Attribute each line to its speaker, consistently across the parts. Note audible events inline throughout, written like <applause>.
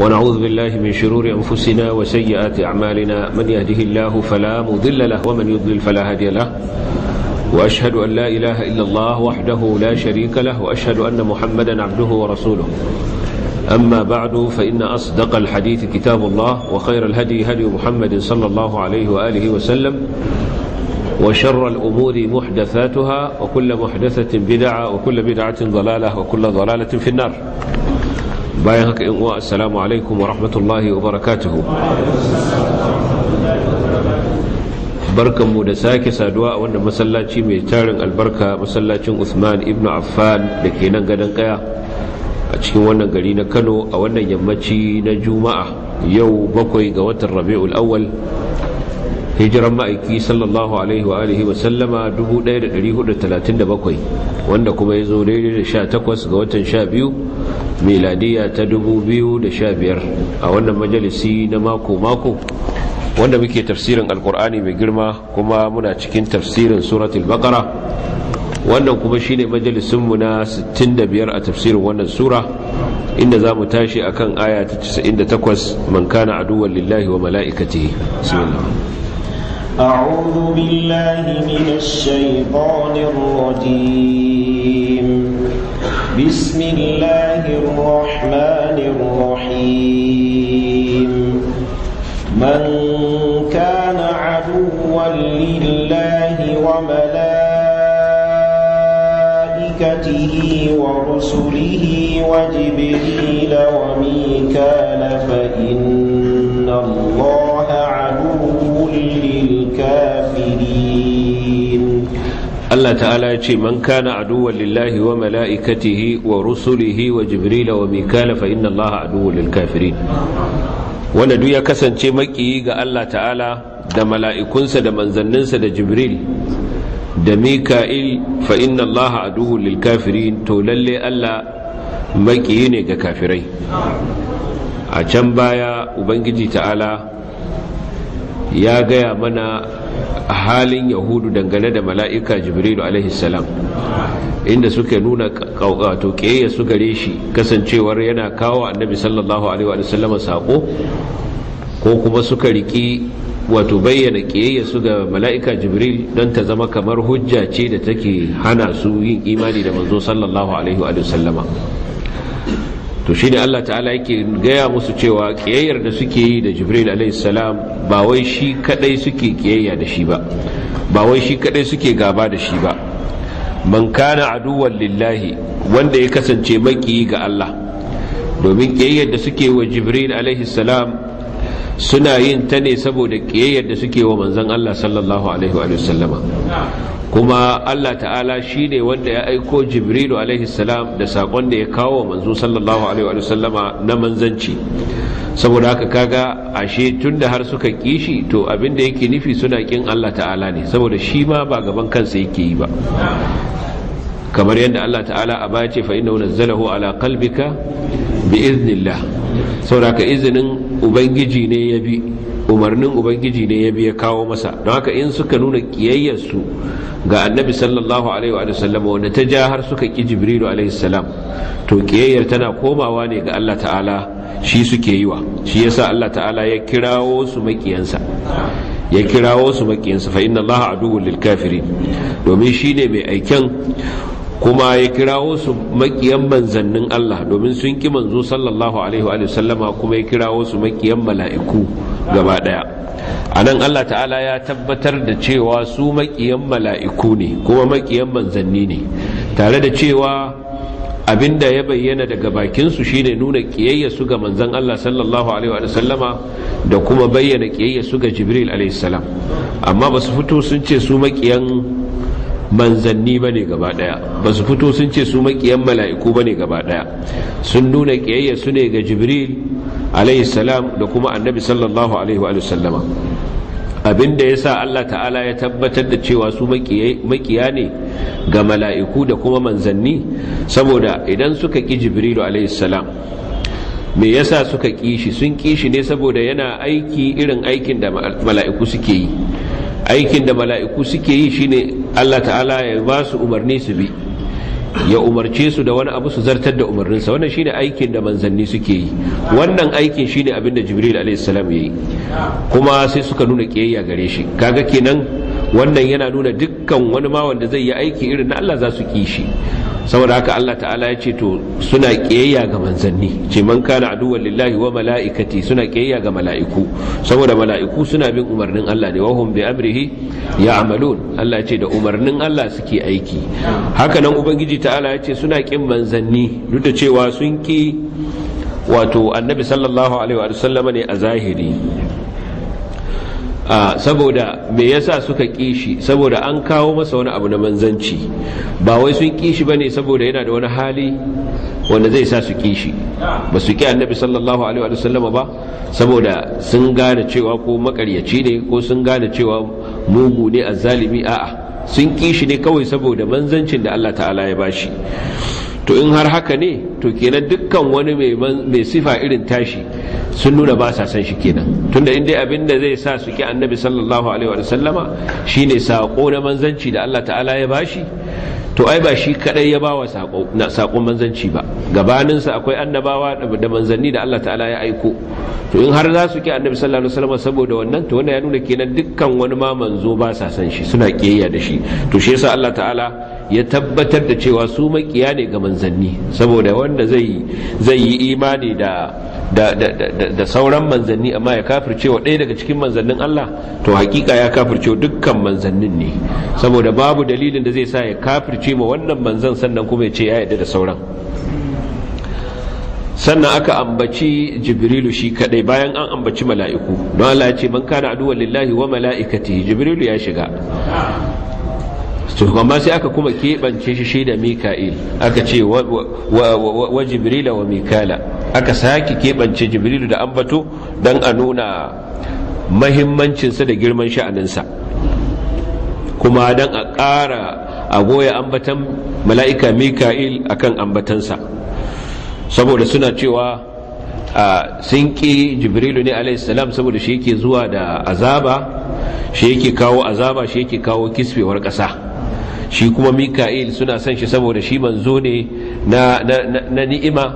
Speaker 1: ونعوذ بالله من شرور أنفسنا وسيئات أعمالنا من يهده الله فلا مضل له ومن يضلل فلا هادي له وأشهد أن لا إله إلا الله وحده لا شريك له وأشهد أن محمدا عبده ورسوله أما بعد فإن أصدق الحديث كتاب الله وخير الهدي هدي محمد صلى الله عليه وآله وسلم وشر الأمور محدثاتها وكل محدثة بدعة وكل بدعة ضلالة وكل ضلالة في النار bayan haka in uwa assalamu alaikum wa rahmatullahi wa barakatuhu barkanmu da sake saduwa a wannan masallaci mai tarin albarka masallacin Usman ibn Affan da ke nan gadon kaya a cikin wannan gari na Kano a wannan yammaci na Juma'a yau bakwai ga watan Rabiul Awwal hijiran ma'aiki sallallahu alaihi wa alihi wasallama 1437 wanda kuma ya zo daidai da takwas ga watan 12 miladiya ta 2015 a wannan majalisi na mako-mako wanda muke tafsirin alkur'ani mai girma kuma muna cikin tafsirin suratul baqara wannan kuma shine majalisinmu na 65 a tafsirin wannan sura inda za mu tashi akan aya ta 98 man kana aduwwan lillahi wa mala'ikatihi bismillah
Speaker 2: أعوذ بالله من الشيطان الرجيم بسم الله الرحمن الرحيم من كان عدوا لله وملائكته ورسله وجبريل وميكال فإن الله عدو للكافرين
Speaker 1: الله تعالى يقول من كان عدوا لله وملائكته ورسله وجبريل وميكال فإن الله عدو للكافرين wanda duk ya kasance makiyi ga Allah ta'ala da mala'ikunsa da manzanninsa da jibril da mika'il fa inna Allah aduhu lil kafirin to lalle Allah makiyi ne ga kafirai a can baya ubangiji ta'ala ya gaya mana halin yahudu dangane da mala'ika jibrilu alaihissalam inda suke nuna kawato ƙeya su gare shi kasancewar yana kawo annabi sallallahu alaihi saƙo ko kuma suka riki wato bayyana ƙiyayya su ga mala'ika jibril don ta zama kamar hujja ce da take hana su yin imani da manzo sallallahu alaihi wa sallama to shi ne Allah ta'ala yake gaya musu cewa ƙiyayyar da suke yi da jibril a.s. ba wai shi kadai suke kiyayya da shi ba ba wai shi kadai suke gaba da shi ba man kana aduwan lillahi wanda ya kasance maƙiyi ga Allah domin ƙiyayyar da suke yi wa jibril a.s. suna yin ta ne saboda ƙiyayyar da suke wa manzan Allah sallallahu Alaihi wasallama kuma Allah ta'ala shi ne wanda ya aiko jibrilu alaihi salam da saƙon da ya kawo wa manzo sallallahu Alaihi wasallama na manzanci saboda haka kaga ashe tun da har suka kishi to abinda yake nufi suna ƙin Allah ta'ala ne saboda shi ma ba gaban kansa yake yi ba kamar yadda Allah ta'ala a baya ce fa inna nazzalahu ala qalbika bi iznillah saboda ka izinin ubangiji ne ya bi umarnin ubangiji ne ya bi ya kawo masa don haka in suka nuna kiyayyarsu ga annabi sallallahu alaihi wa sallam wanda ta ja har suka ki jibrilu alaihi salam to kiyayyar tana komawa ne ga Allah ta'ala shi suke yi wa shi yasa Allah ta'ala ya kirawo su makiyansa ya kirawo su makiyansa fa inna Allah aduwwul lil kafirin domin shine mai aiken kuma ya kirawo su makiyan manzannin Allah domin sun ki manzo sallallahu alaihi wa sallama kuma ya kirawo su makiyan mala'iku gaba daya anan Allah ta'ala ya tabbatar da cewa su makiyan mala'iku ne kuma makiyan manzanni ne tare da cewa abinda ya bayyana daga bakin su shine nuna kiyayya su ga manzon Allah sallallahu alaihi wa sallama da kuma bayyana kiyayya su ga Jibril alaihi salam amma basu fito sun ce su makiyan manzanni ba ne gaba daya ba su fito sun ce su makiyan mala'iku ba ne gaba ɗaya sun nuna ƙiyayya su ne ga jibril salam da kuma annabi sallallahu alaihi wa sallama abinda ya sa allah ta'ala ya tabbatar da cewa su makiya ne ga mala'iku da kuma manzanni saboda idan suka jibril alaihi salam me yasa suka kishi sun ƙi shi ne saboda yana aiki irin aikin da mala'iku suke yi aikin da mala'iku suke yi shine Allah ta'ala ya ba su umarni su bi ya umarce su da wani abu su zartar da umarninsa wannan shine aikin da manzanni suke yi wannan aikin shine abin da jibril alaihissalam ya yi kuma sai suka nuna kiyayya gare shi kaga kenan wannan yana nuna dukkan wani ma wanda zai yi aiki irin na Allah za su ki shi saboda haka Allah ta'ala ya ce to suna kiyayya ga manzanni ce man kana aduwwan lillahi wa mala'ikati suna kiyayya ga mala'iku saboda mala'iku suna bin umarnin Allah ne wa hum bi amrihi ya'malun Allah ce da umarnin Allah suke aiki haka nan ubangiji ta'ala ya ce suna kin manzanni duk da cewa sun ki wato annabi sallallahu alaihi wa sallama ne a zahiri saboda me yasa suka kishi saboda an kawo masa wani abu na manzanci ba wai sun kishi bane saboda yana da wani hali wanda zai sa su kishi ba su ki annabi sallallahu alaihi wa sallama ba saboda sun gane cewa ko makaryaci ne ko sun gane cewa mugu ne azzalimi a'a sun kishi ne kawai saboda manzancin da Allah ta'ala ya bashi to in har haka ne to kenan dukkan wani mai sifa irin tashi sun nuna ba sa san shi kenan tunda inda abin da zai sa su ki annabi sallallahu alaihi wa sallama shine sako na manzanci da Allah ta'ala ya bashi to ai ba shi kadai ya bawa sako na sako manzanci ba gabanin sa akwai annabawa da manzanni da Allah ta'ala ya aiko to in har za su ki annabi sallallahu alaihi wa sallama saboda wannan to wannan ya nuna kenan dukkan wani ma manzo ba sa san shi suna kiyaye da shi to shi yasa Allah ta'ala ya tabbatar da cewa su makiya ne ga manzanni saboda wannan wanda zai zai yi imani da da da da sauran manzanni amma ya kafirce wa ɗaya daga cikin manzannin Allah to hakika ya kafirce dukkan manzannin ne saboda babu dalilin da zai sa ya kafirce ma wannan manzan sannan kuma ya ce ya yarda da sauran sannan aka ambaci jibrilu shi kadai bayan an ambaci mala'iku don Allah ya ce man kana aduwwan lillahi wa mala'ikatihi jibrilu ya shiga amma sai aka kuma keɓance shi shi da mika'il aka ce wa jibrila wa mikala aka sake keɓance jibrilu da ambato don a nuna mahimmancinsa da girman sha'aninsa kuma don a ƙara a goya ambatan mala'ika mika'il akan ambatansa saboda suna cewa sun ƙi jibrilu ne alaihissalam saboda shi yake zuwa da azaba shi yake kawo azaba shi yake kawo kisfewar ƙasa shi kuma mika'il suna son shi saboda shi manzo ne na ni'ima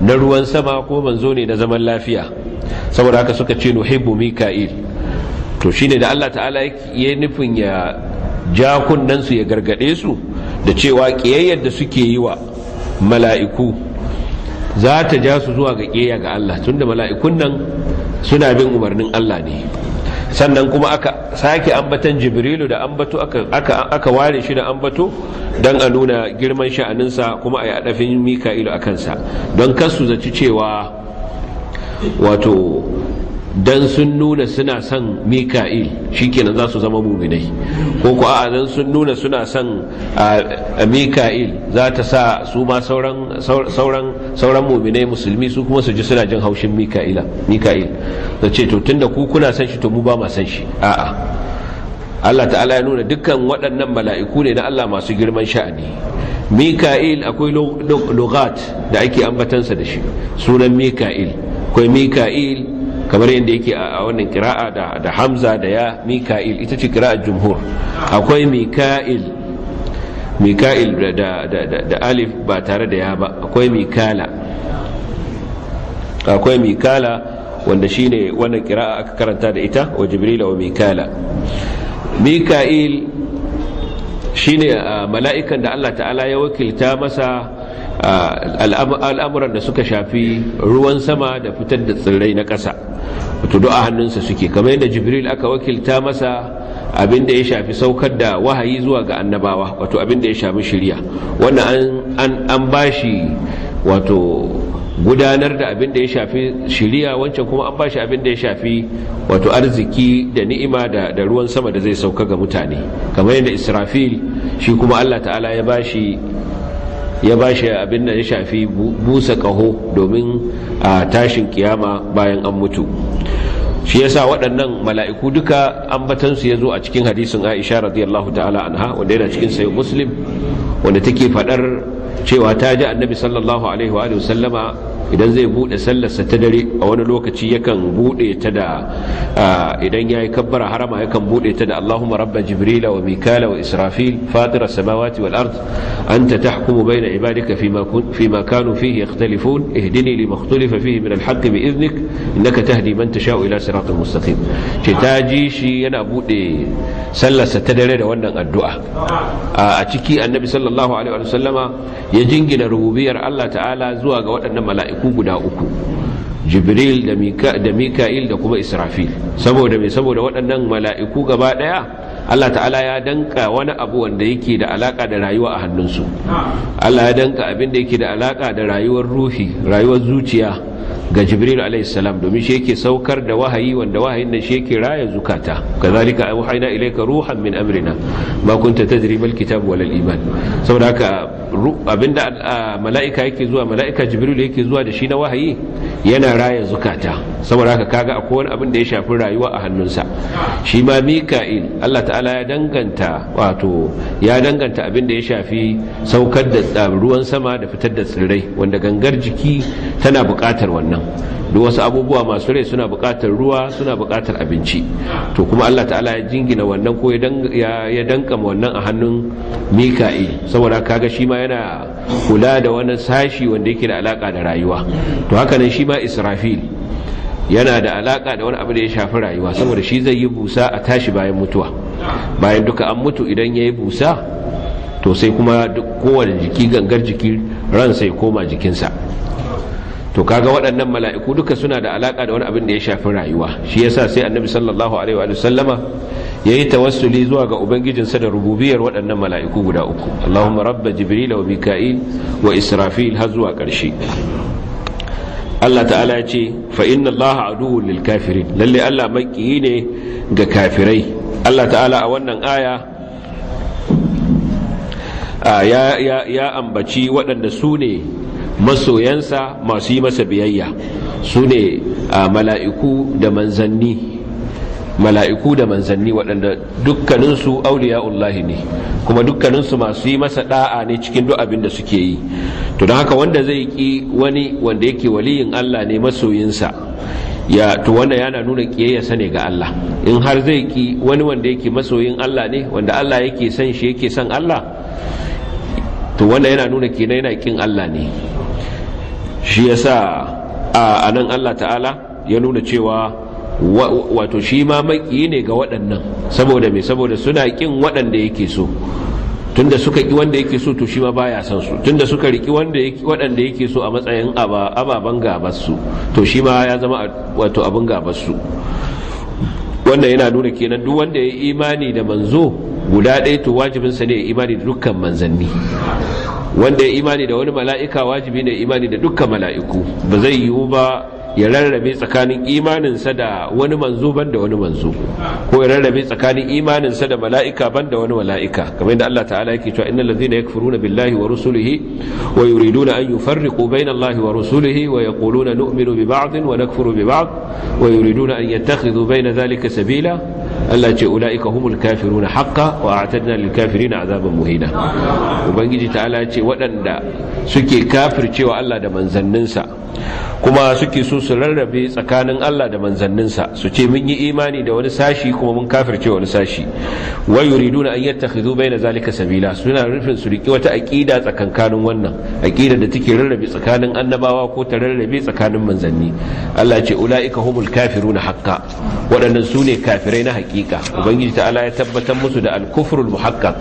Speaker 1: na ruwan sama ko manzo ne na zaman lafiya saboda haka suka ce nuhibbu mika'il to shine da Allah ta'ala ya nufin ya ja kunnansu ya gargade su da cewa ƙiyayyar da suke yi wa mala'iku za ta ja su zuwa ga ƙiyayya ga Allah tunda mala'ikun nan suna bin umarnin Allah ne sannan kuma aka sake ambatan jibrilu da ambato aka ware shi da ambato don a nuna girman sha'aninsa kuma a yi adafin mika'ilu a kansa don kasu zaci cewa wato dan sun nuna suna son mika'il shikenan za su zama muminai ko ko a dan sun nuna suna son mika'il za ta sa su ma sauran sauran muminai musulmi su kuma su ji suna jin haushin mika'ila mika'il da ce to tunda ku kuna san shi to mu ba ma san shi a'a Allah ta'ala ya nuna dukkan waɗannan mala'iku ne na Allah masu girman sha'ani mika'il akwai lugat da ake ambatansa da shi sunan mika'il akwai mika'il kamar yadda yake a wannan kira'a da hamza da ya mika'il ita ce kira'ar jumhur akwai mika'il mika'il da alif ba tare da ya ba akwai mikala akwai mikala wanda shi ne wannan kira'a aka karanta da ita wa jibrila wa mikala mika'il ne mala'ikan da Allah ta'ala ya wakilta masa al'amuran da suka shafi ruwan sama da fitar da tsirrai na ƙasa wato du'a hannunsa suke kamar yadda jibril aka wakilta masa abin da ya shafi saukar da wahayi zuwa ga annabawa wato abin da ya shafi shirya wannan an bashi wato gudanar da abin da ya shafi shiriya wancan kuma an bashi abin da ya shafi wato arziki da ni'ima da, da ruwan sama da zai sauka ga mutane kamar yadda israfil shi kuma allah ta'ala ya bashi ya ba shi abin da ya shafi busa kaho domin a tashin kiyama bayan an mutu shi yasa waɗannan mala'iku duka ambatansu ya zo a cikin hadisin aisha radiyallahu ta'ala anha wanda yana cikin sayo muslim wanda take faɗar cewa ta ji annabi sallallahu alaihi wa sallama idan zai bude sallarsa ta dare a wani lokaci yakan bude ta da idan ya yi kabbara harama yakan bude ta da Allahumma rabba jibrila wa mikala wa israfil fatira samawati wal ard anta tahkumu baina ibadika fima kanu fihi yakhtalifun ihdini lima ikhtalafa fihi min al bi idhnik innaka tahdi man tasha'u ila siratin mustaqim ce ta ji shi yana bude sallarsa ta dare da wannan addu'a a ciki annabi sallallahu alaihi wa sallama ya jingina rububiyar Allah ta'ala zuwa ga waɗannan mala'iku Ku guda uku jibril da mika'il da kuma israfil saboda mai saboda waɗannan mala'iku gaba ɗaya allah ta'ala ya danka wani abu wanda yake da alaƙa da rayuwa a hannunsu allah ya danka abin da yake da alaka da rayuwar ruhi rayuwar zuciya ga jibril alaihissalam domin shi yake saukar da wahayi wanda wahayin nan shi yake raya zukata kazalika auhayna ilayka ruhan min amrina ma kunta tadri mal kitab wal iman saboda haka abinda mala'ika yake zuwa mala'ika jibril yake zuwa da shi na wahayi yana raya zukata saboda haka kaga akwai wani abin da ya shafi rayuwa a hannunsa shi ma mika'il Allah ta'ala ya danganta wato ya danganta abin da ya shafi saukar da ruwan sama da fitar da tsirrai wanda gangar jiki tana buƙatar wannan wannan duk wasu abubuwa masu rai suna bukatar ruwa suna bukatar abinci to kuma Allah ta'ala ya jingina wannan ko ya dankama wannan a hannun mika'il saboda kaga shi ma yana kula da wani sashi wanda yake da alaka da rayuwa to haka nan shi ma israfil yana da alaka da wani abu da ya shafi rayuwa saboda shi zai yi busa a tashi bayan mutuwa bayan duka an mutu idan ya yi busa to sai kuma kowane jiki gangar jiki ran sai koma jikinsa to kaga waɗannan mala'iku duka suna da alaka da wani abin da ya shafi rayuwa shi yasa sai annabi sallallahu alaihi wa sallama yayi tawassuli zuwa ga ubangijinsa da rububiyar waɗannan mala'iku guda uku Allahumma rabba jibril wa mika'il wa israfil har zuwa ƙarshe Allah ta'ala ya ce fa inna Allah aduwwul lil kafirin lalle Allah makiyi ne ga kafirai Allah ta'ala a wannan aya ya ambaci waɗanda su ne masoyansa masu yi masa biyayya su ne mala'iku da manzanni mala'iku da manzanni waɗanda dukkaninsu auliya'ullahi ne kuma dukkaninsu masu yi masa ɗa'a ne cikin duk abin da suke yi to don haka wanda zai ƙi wani wanda yake waliyin Allah ne masoyinsa ya to wanda yana nuna ƙiyayyarsa ne ga Allah in har zai ƙi wani wanda yake masoyin Allah ne wanda Allah yake son shi yake son Allah to wanda yana nuna kenan yana ƙin Allah ne shi ya sa a nan Allah ta'ala ya nuna cewa wato shi ma maki ne ga waɗannan saboda me saboda suna ƙin waɗanda yake so tunda suka ƙi wanda yake so to shi ma baya son su tunda suka riki wanda yake waɗanda yake so a matsayin ababen gabas su to shi ma ya zama wato abin gabas su wannan yana nuna kenan duk wanda ya imani da manzo guda ɗaya to wajibinsa ne ya imani da dukkan manzanni wanda ya imani da wani mala'ika wajibi ne imani da dukkan mala'iku ba zai yiwu ba ya rarrabe tsakanin imaninsa da wani manzo ban da wani manzo ko ya rarrabe tsakanin imaninsa da mala'ika ban da wani mala'ika kamar yadda Allah ta'ala yake cewa innal ladhina yakfuruna billahi wa rusulihi wa yuriduna an yufarriqu bayna Allahi wa rusulihi wa yaquluna nu'minu bi ba'd wa nakfuru bi ba'd wa yuriduna an yattakhidhu bayna zalika sabila Allah ce ula'ika humul kafiruna haqqa wa a'tadna lil kafirina azaban muhina ubangiji ta'ala ce waɗanda suke kafircewa Allah da manzanninsa kuma suke so su rarrabe tsakanin Allah da manzanninsa su ce mun yi imani da wani sashi kuma mun kafirce wani sashi wa yuriduna an bai na zalika sabila suna rufin su riki wata aƙida tsakankanin wannan aqida da take rarrabe tsakanin annabawa ko ta rarrabe tsakanin manzanni Allah ce ulaika humul kafiru na haƙƙa waɗannan su ne kafirai na haƙiƙa ubangiji ta'ala ya tabbatar musu da al-kufrul muhaqqaq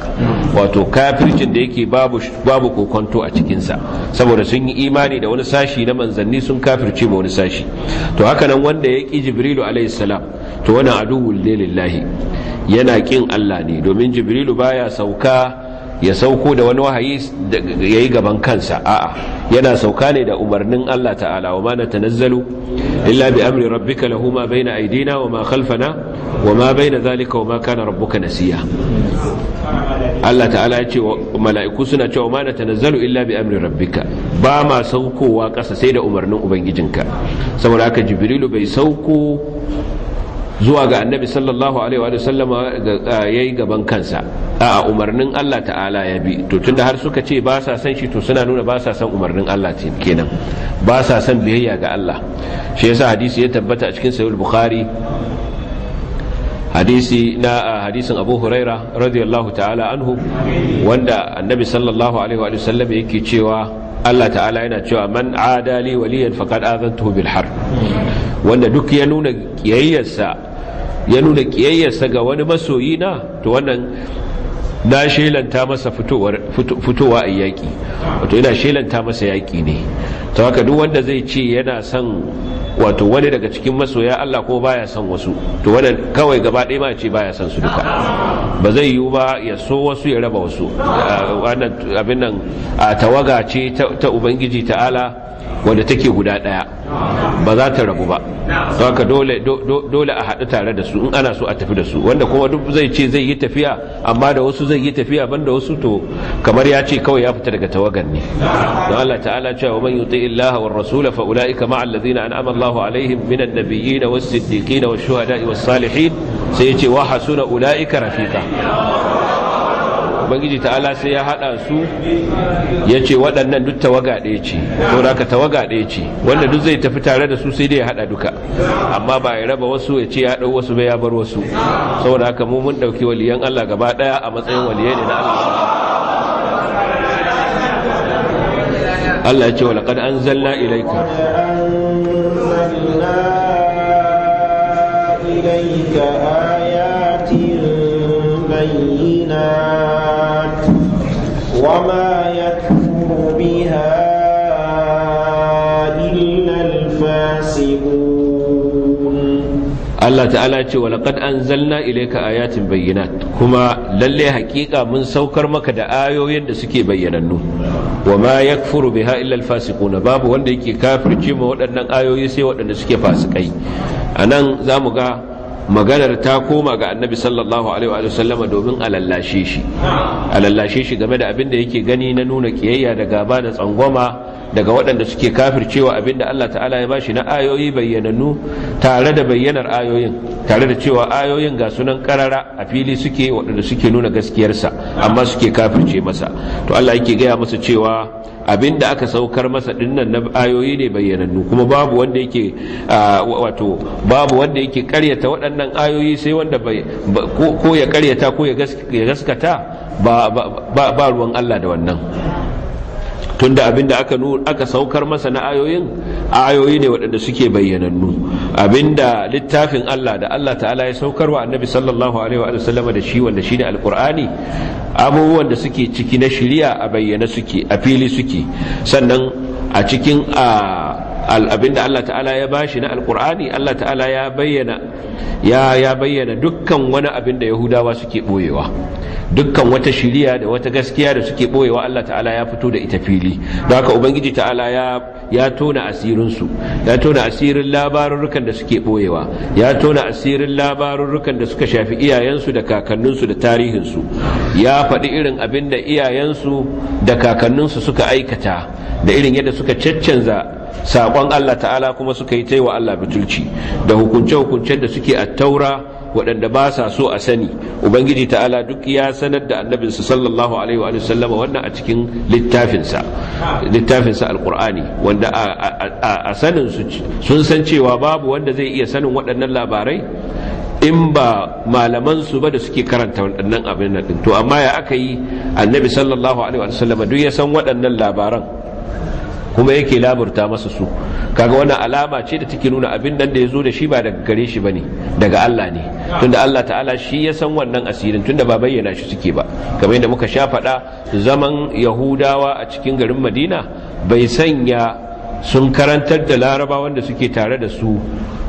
Speaker 1: wato kafircin da yake babu babu kokonto a cikinsa saboda sun yi imani da wani sashi na manzanni manzanni sun kafirce ma wani sashi to haka nan wanda ya ki jibrilu alaihi salam to wani aduwwul lillahi yana ƙin Allah ne domin jibrilu baya sauka ya sauko da wani wahayi ya yi gaban kansa a'a yana sauka ne da umarnin Allah ta'ala wa ma na tanazzalu illa bi amri rabbika lahu ma baina aidina wa ma khalfana wa ma baina zalika wa ma kana rabbuka nasiya Allah ta'ala ya ce mala'iku suna cewa ma na tanazzalu illa bi amri rabbika ba ma saukowa kasa sai da umarnin ubangijinka saboda haka jibrilu bai sauko zuwa ga annabi sallallahu alaihi wa sallam yayi gaban kansa a umarnin Allah ta'ala ya bi to tunda har suka ce ba sa san shi to suna nuna ba sa san umarnin Allah kenan ba sa san biyayya ga Allah shi yasa hadisi ya tabbata a cikin sahih bukhari hadisi na hadisin Abu Huraira radiyallahu ta'ala anhu wanda annabi sallallahu alaihi wa sallam yake cewa Allah ta'ala yana cewa man adali waliyan faqad azantuhu bil har. wanda duk ya nuna kiyayyarsa ya nuna kiyayyarsa ga wani masoyi na to wannan na shelanta masa fitowa a yaƙi wato yana shelanta masa yaƙi ne ta haka duk wanda zai ce yana son wato wani daga cikin masoya Allah ko baya son wasu to wannan kawai gaba ɗaya ma ce baya son su duka ba zai yiwu ba ya so wasu ya raba wasu a tawaga ce ta ubangiji ta'ala wadda take guda ɗaya ba za ta rabu ba don haka dole a haɗu tare da su in ana so a tafi da su wanda kuma duk zai ce zai yi tafiya amma da wasu zai yi tafiya banda wasu to kamar ya ce kawai ya fita daga tawagan ne don Allah ta'ala cewa wa man yuti illaha war rasula fa ulaika ma'a alladhina an'ama Allahu alaihim minan nabiyyin was siddiqin was shuhada'i was salihin sai ya ce wa hasuna ulaika rafiqa ubangiji ta'ala sai ya hada su ya ce waɗannan duk tawaga ɗaya ce ko da ka tawaga ɗaya ce wanda duk zai tafi tare da su sai dai ya hada duka amma ba ya raba wasu ya ce ya ɗau wasu bai ya bar wasu saboda haka mu mun ɗauki waliyan Allah gaba ɗaya a matsayin waliyai ne na
Speaker 2: Allah
Speaker 1: Allah ya ce wa an zalla ilaika
Speaker 2: الجنات وما يكفر بها
Speaker 1: Allah ta'ala ce wa an zalna ilayka ayatin bayyana kuma lallai haƙiƙa mun saukar maka da ayoyin da suke bayyanannu wa ma yakfuru biha illa babu wanda yake kafirce ma waɗannan ayoyi sai waɗanda suke fasikai anan zamu ga maganar ta koma ga annabi sallallahu alaihi wa sallama domin alallashe shi alallashe shi game da abin da yake gani na nuna kiyayya da gaba da tsangwama daga waɗanda suke kafircewa abin da Allah ta'ala ya bashi na ayoyi bayyanannu tare da bayyanar ayoyin tare da cewa ayoyin ga sunan karara a fili suke waɗanda suke nuna gaskiyarsa amma suke kafirce masa to Allah yake gaya masa cewa Abin da aka saukar masa dinnan na ayoyi ne bayyanannu kuma babu wanda yake wato babu wanda yake karyata waɗannan ayoyi sai wanda ko ya karyata ko ya gaskata ba ruwan Allah da wannan tunda abin da aka aka saukar masa na ayoyin ayoyi ne waɗanda suke bayyanannu abinda littafin Allah da Allah ta'ala ya saukar wa annabi sallallahu alaihi wa sallama da shi wanda shine alqur'ani abubuwan da suke ciki na shari'a a bayyana suke a fili suke sannan a cikin a abinda Allah ta'ala ya bashi na alkur'ani Allah ta'ala ya bayyana ya ya bayyana dukkan wani abin da yahudawa suke boyewa dukkan wata shiriya da wata gaskiya da suke boyewa Allah ta'ala ya fito da ita fili don haka ubangiji ta'ala ya ya tona asirin su ya tona asirin labarurrukan da suke boyewa ya tona asirin labarurrukan da suka shafi iyayensu da kakanninsu da tarihinsu ya faɗi irin abin da iyayensu da kakanninsu suka aikata da irin yadda suka caccanza saƙon Allah ta'ala kuma suka yi ta wa Allah butulci da hukunce-hukuncen da suke a taura waɗanda ba sa so a sani ubangiji ta'ala duk ya sanar da annabinsa sallallahu alaihi wa sallam wannan a cikin littafinsa littafinsa alqur'ani wanda a sanin su sun san cewa babu wanda zai iya sanin waɗannan labarai in ba malaman su ba da suke karanta waɗannan abin nan to amma ya aka yi annabi sallallahu alaihi wa sallam duk ya san waɗannan labaran kuma yake laburta masa su kaga wannan alama ce da take nuna abin nan da ya zo da shi ba daga gare shi bane daga Allah ne tunda Allah ta'ala shi ya san wannan asirin tunda ba bayyana shi suke ba kamar yadda muka sha faɗa zaman yahudawa a cikin garin madina bai sanya sun karantar da laraba wanda suke tare da su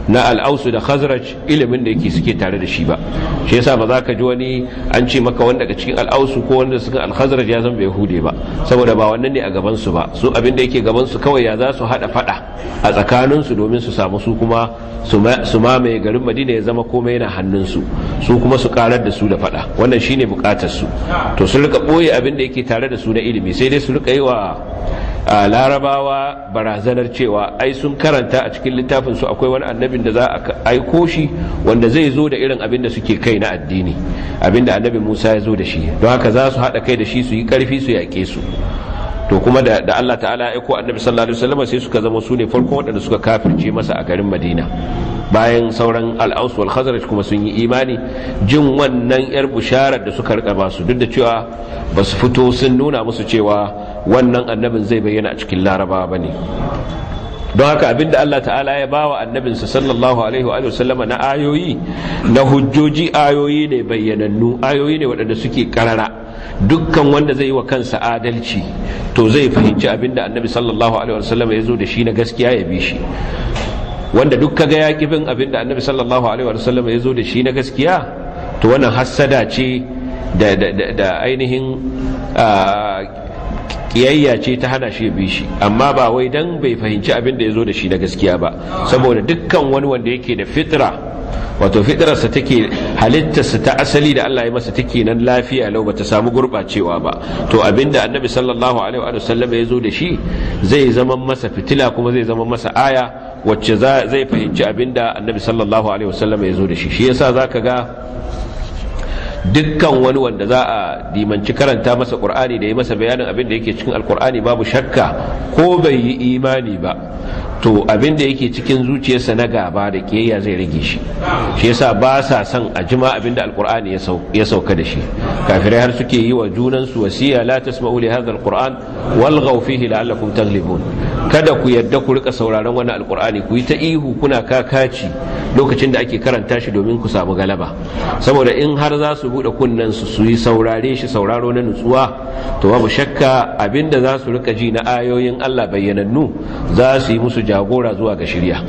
Speaker 1: na al'ausu da khazraj ilimin da yake suke tare da shi ba shi yasa ba za ka ji wani an ce maka wanda daga cikin al'ausu ko wanda suka al-khazraj ya zama yahude ba saboda ba wannan ne a gaban su ba su abin da yake gaban su kawai ya za su hada fada a tsakanin su domin su samu su kuma su mamaye garin Madina ya zama komai yana hannun su su kuma su karar da su da fada wannan shine bukatar su to su rika boye abin da yake tare da su na ilimi sai dai su rika yi wa A larabawa barazanar cewa ai sun karanta a cikin littafin su akwai wani annabin da za a aiko shi wanda zai zo da irin abin da suke kai na addini abin da annabi Musa ya zo da shi don haka za su haɗa kai da shi su yi ƙarfi su yaƙe su to kuma da Allah ta'ala ya ko annabi sallallahu alaihi wasallam sai suka zama su ne farko waɗanda suka kafirce masa a garin Madina bayan sauran al-Aws wal Khazraj kuma sun yi imani jin wannan yar bisharar da suka rika basu duk da cewa basu fito sun nuna musu cewa wannan annabin zai bayyana a cikin Laraba bane don haka abinda Allah ta'ala ya bawa annabinsa sallallahu alaihi wa sallama na ayoyi na hujjoji ayoyi ne bayyanannu ayoyi ne waɗanda suke karara dukkan wanda zai yi wa kansa adalci to zai fahimci abinda annabi sallallahu alaihi wasallam ya zo da shi na gaskiya ya bi shi wanda duk kaga ya kibin abinda annabi sallallahu alaihi wasallam ya zo da shi na gaskiya to wannan hassada ce da da ainihin kiyayya ce ta hana shi bi shi amma ba wai dan bai fahimci abinda da ya zo da shi na gaskiya ba saboda dukkan wani wanda yake da fitra wato fitrarsa take halittarsa ta asali da Allah ya masa take nan lafiya lau bata samu gurbacewa ba to abinda annabi sallallahu alaihi wa sallam ya zo da shi zai zama masa fitila kuma zai zama masa aya wacce zai fahimci abinda annabi sallallahu alaihi wa sallam ya zo da shi shi yasa zaka ga dukkan wani wanda za a dimanci karanta masa qur'ani da ya masa bayanin abin da yake cikin alqur'ani babu shakka ko bai yi imani ba to abin da yake cikin zuciyarsa na gaba da kiyayya zai rage shi shi yasa ba sa son a jima abin da alkur'ani ya sauka da shi kafirai har suke yi wa junan su wasiya la tasma'u li hadha alqur'an walghaw fihi la'allakum taglibun kada ku yadda ku rika sauraron wannan alkur'ani ku yi ta ihu kuna kakaci lokacin da ake karanta shi domin ku samu galaba saboda in har za su buɗe kunnen su su yi saurare shi sauraro na nutsuwa to babu shakka abinda za su rika ji na ayoyin Allah bayyanannu za su yi musu jagora zuwa ga shirya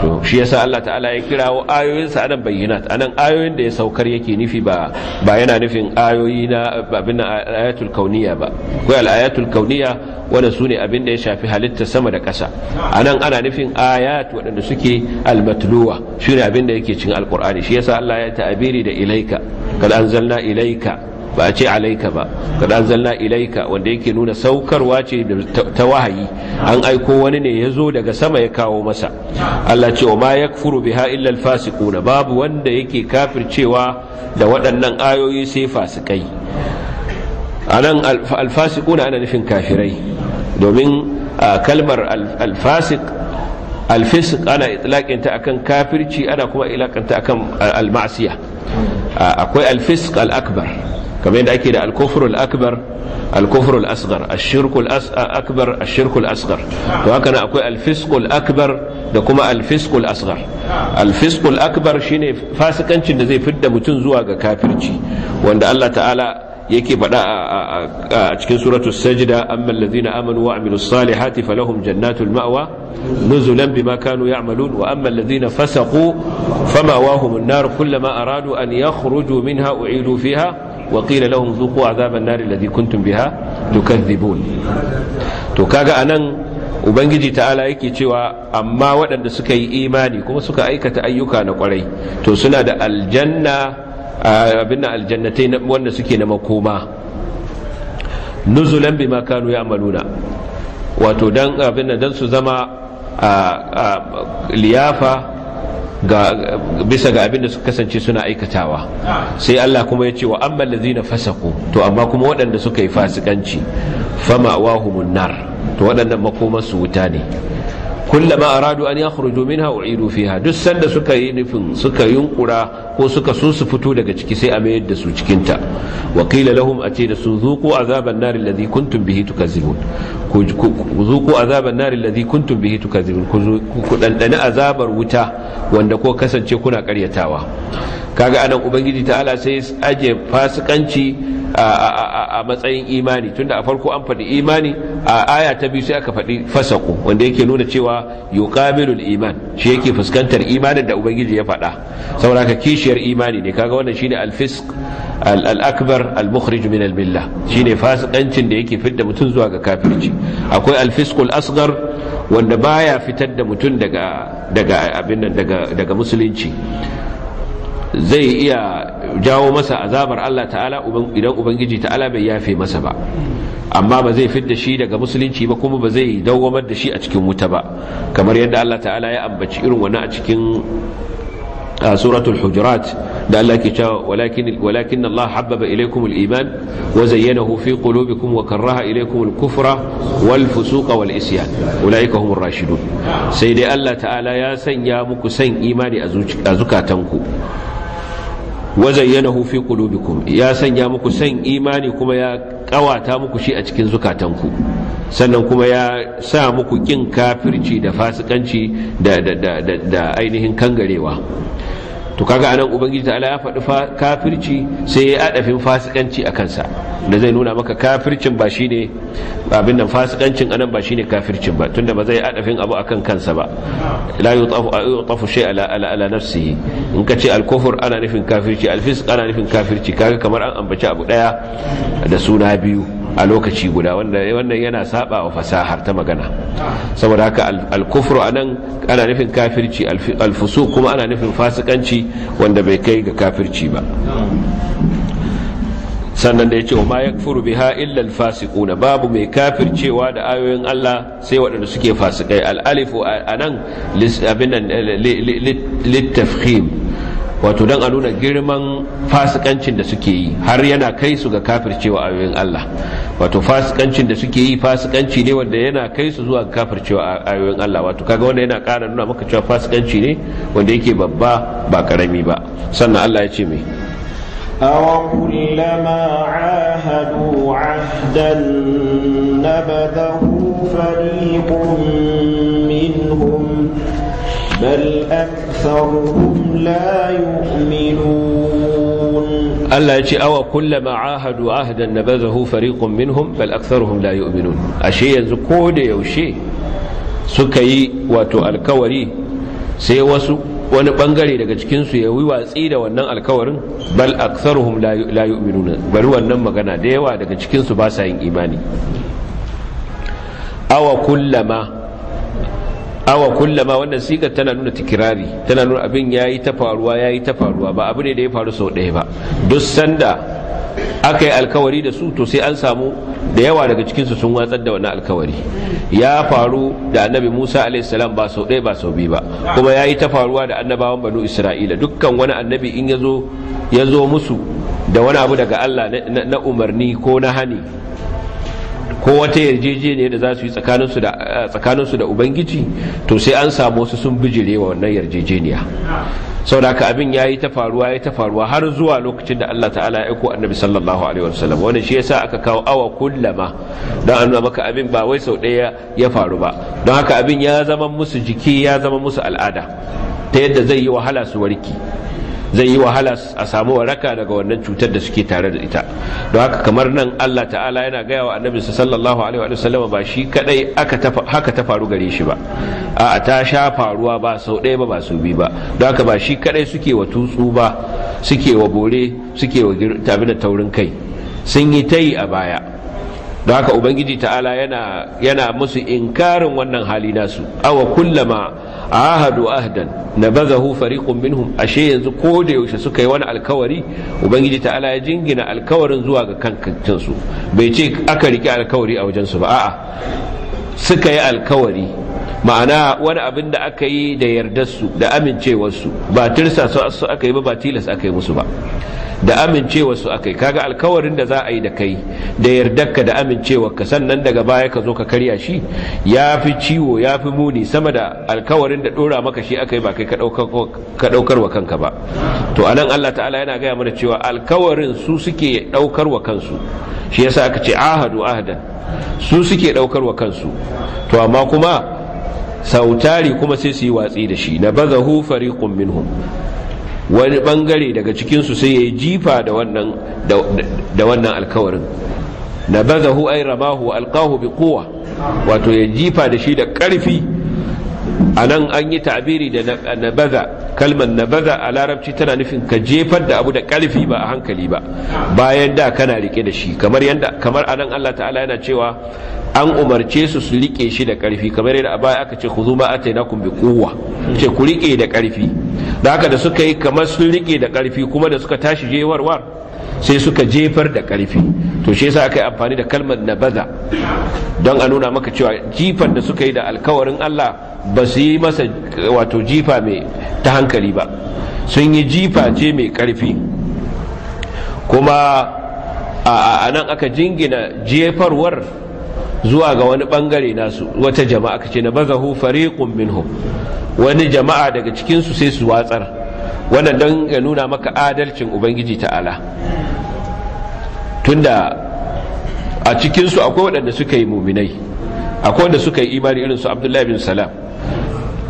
Speaker 1: to shi yasa Allah ta'ala ya kirawo ayoyin sa anan bayyinat anan ayoyin da ya saukar yake nufi ba ba yana nufin ayoyi na abin ayatul kauniya ba ko al ayatul kauniya wanda su ne abin da ya shafi halitta sama da ƙasa anan ana nufin ayat waɗanda suke almatluwa shine abin da yake cin alkur'ani shi yasa Allah ya ta'abiri da ilaika kad anzalna ilaika ba a ce alaika ba kad anzalna ilaika wanda yake nuna saukarwa ce ta wahayi an aiko wani ne ya zo daga sama ya kawo masa Allah ce ma yakfuru biha illa alfasiqun babu wanda yake kafircewa da waɗannan ayoyi sai fasikai anan alfasiquna ana nufin kafirai domin kalmar alfasik alfisq ana itlaqinta akan kafirci ana kuma ilaqanta akan almasiya akwai alfisq al-akbar kamar yadda ake da alkufrul akbar alkufrul asghar ashirkul akbar ashirkul asghar to haka nan akwai alfisqul akbar da kuma alfiskul asghar alfisqul akbar shine fasikancin da zai fidda mutum zuwa ga kafirci wanda Allah ta'ala yake faɗa a cikin suratu sajda amma allazina amanu wa amilus salihati falahum jannatul ma'wa nuzulan bima kanu ya'malun wa amma allazina fasaqu fama'wahum an-nar kullama aradu an yakhruju minha u'idu fiha wa qila lahum dhuqu adhaban nar alladhi kuntum biha tukadhibun to kaga anan ubangiji ta'ala yake cewa amma waɗanda suka yi imani kuma suka aikata ayyuka na kwarai to suna da aljanna abin na aljannatai wanda suke na makoma nuzulan bima kanu ya'maluna wato dan abin dan su zama liyafa bisa ga abin da suka kasance suna aikatawa sai Allah kuma ya ce wa amman lazina fasaku to amma kuma waɗanda suka yi fasikanci fama wahumun nar to waɗannan makoman su wuta ne kullama aradu an yakhruju minha u'idu fiha duk sanda suka yi nufin suka yunkura ko suka so su fito daga ciki sai a mayar da su cikinta wakila qila a ce da su zuqu azaban nar alladhi kuntum bihi tukazzibun ku azaban kuntum bihi ku dandana azabar wuta wanda ko kasance kuna karyatawa kaga anan ubangiji ta'ala sai aje fasikanci a matsayin imani tunda a farko an faɗi imani a aya ta biyu sai aka faɗi fasaku wanda yake nuna cewa yuqabilul iman shi yake fuskantar imanin da ubangiji ya faɗa saboda ka kishi kishiyar imani ne kaga wannan shine al-fisq al-akbar al-mukhrij min al shine fasikancin da yake fitar da mutum zuwa ga kafirci akwai al askar al-asghar wanda baya fitar da mutum daga daga abin nan daga daga musulunci zai iya jawo masa azabar Allah ta'ala idan ubangiji ta'ala bai yafe masa ba amma ba zai fidda shi daga musulunci ba kuma ba zai dawwamar da shi a cikin wuta ba kamar yadda Allah ta'ala ya ambaci irin wani a cikin suratul hujurat da Allah ke cewa walakin walakin Allah habbaba ilaykum al-iman wa zayyanahu fi qulubikum wa karaha ilaykum al-kufra wal fusuqa wal isyan ulaika humur sai dai Allah ta'ala ya sanya muku san imani a zukatanku wa zayyanahu fi qulubikum ya sanya muku san imani kuma ya kawata muku shi a cikin zukatanku sannan kuma ya sa muku kin kafirci da fasikanci da ainihin kangarewa to kaga anan ubangiji ta'ala ya faɗi kafirci sai ya adafin fasikanci a kansa da zai nuna maka kafircin ba shine abin nan fasikancin anan ba shine kafircin ba tunda ba zai adafin abu akan kansa ba la yutafu yutafu shay ala ala, ala nafsihi in ka ce al ana nufin kafirci Alfis ana nufin kafirci kaga kamar an ambaci abu daya da suna biyu a lokaci guda wannan yana saba wa fasahar ta magana saboda haka alkufru anan ana nufin kafirci alfusu kuma ana nufin fasikanci wanda bai kai ga kafirci ba sannan da ya ce wa ma yakfuru biha illa alfasiquna babu mai kafircewa da ayoyin Allah sai waɗanda suke fasikai al-alif anan abin nan litafkhim wato don a nuna girman fasikancin da suke yi har yana kai su ga kafircewa ayoyin Allah wato fasikancin da suke yi fasikanci ne wanda yana kai su zuwa kafircewa ayoyin Allah wato kaga wanda yana ƙara nuna maka cewa fasikanci ne wanda yake babba ba karami ba sannan Allah ya ce mai
Speaker 2: أَوَكُلَّمَا عَاهَدُوا عَهْدًا bal aktharuhum la yu'minun
Speaker 1: Allah yace awa kullama ahadu ahdan nabadhahu fariqun minhum bal aktharuhum la yu'minun ashe yanzu ko da yaushe suka yi wato alkawari sai wasu wani bangare daga cikin su yayi watsi da wannan alkawarin bal aktharuhum la yu'minun bari wannan magana da yawa daga cikinsu su ba sa yin imani awa kullama awa kullama wannan sigar tana nuna tikirari tana nuna abin ya yi ta faruwa ya yi ta faruwa ba abu ne da ya faru sau ɗaya ba duk sanda aka yi alkawari da su to sai an samu da yawa daga cikinsu sun watsar da wannan alkawari ya faru da annabi musa a.s. ba sau ɗaya ba sau biyu ba kuma ya yi ta faruwa da annabawan banu isra'ila dukkan wani annabi in ya zo musu da wani abu daga allah na umarni ko na hani ko wata yarjejeniya da za su yi tsakaninsu eh, da ubangiji to sai an samu su sun bijire wa wannan yarjejeniya sau da abin ya yi ta faruwa ya ta faruwa har zuwa lokacin da Allah ta'ala ya aiko annabi sallallahu alaihi wasallam wani shi yasa aka kawo awa kullama don an maka abin ba wai sau ɗaya ya faru ba don haka abin ya zama musu jiki ya zama musu al'ada ta yadda zai yi wahala su warki zai yi wahala a samu waraka daga wannan cutar da suke tare da ita don haka kamar nan Allah ta'ala yana gaya wa annabi sallallahu alaihi wa sallam ba shi kadai haka ta faru gare shi ba a ta sha faruwa ba sau ɗaya ba ba sau biyu ba don haka ba shi kadai suke wa tutsu ba suke wa bore suke wa tabi da taurin kai sun yi ta a baya da haka ubangiji ta'ala yana yana musu inkarin wannan hali nasu awa kullama ahadu ahdan nabazahu fariqun minhum ashe yanzu ko da yaushe suka yi wani alkawari ubangiji ta'ala ya jingina alkawarin zuwa ga kankancin bai ce aka rike alkawari a wajen su ba a'a suka yi alkawari ma'ana wani abin da aka yi da yardarsu da amincewarsu ba tirsa su aka yi ba ba tilas aka yi musu ba da amincewa su akai kaga alkawarin da za a yi da kai da yardarka da amincewa ka sannan daga baya ka zo ka karya shi ya fi ciwo ya fi muni sama da alkawarin da dora maka shi akai ba kai ka daukar wa kanka ba to anan Allah ta'ala yana gaya mana cewa alkawarin su suke daukar wa kansu shi yasa aka ce ahadu ahadan su suke daukar wa kansu to amma kuma sautari kuma sai su yi watsi da shi na bazahu fariqun minhum wani bangare daga cikinsu sai ya yi jifa da wannan alkawarin na bazahu ai ramahu alkahu bi kowa wato ya jifa da shi da ƙarfi a nan an yi ta'abiri da nabaza kalmar nabaza a larabci tana nufin ka jefar da abu da ƙarfi ba a hankali ba bayan da kana rike da shi kamar yanda kamar a nan Allah ta'ala yana cewa an umarce su su rike shi da ƙarfi kamar yadda a baya aka ce khudhu ma atainakum bi quwwa ce ku rike da ƙarfi da haka da suka yi kamar sun rike da ƙarfi kuma da suka tashi jewarwar sai suka jefar da karfi to shi yasa aka yi amfani da kalmar nabaza don a nuna maka cewa jifan da suka yi da alkawarin Allah ba su yi masa wato jifa mai ta hankali ba sun yi jifa ce mai karfi kuma a nan aka jingina jefarwar zuwa ga wani bangare nasu wata jama'a kace na bazahu fariqun minhum wani jama'a daga cikin su sai su watsar wannan don ya nuna maka adalcin ubangiji ta'ala tunda a cikinsu akwai waɗanda suka yi muminai akwai waɗanda suka yi imani irinsu su abdullahi bin salam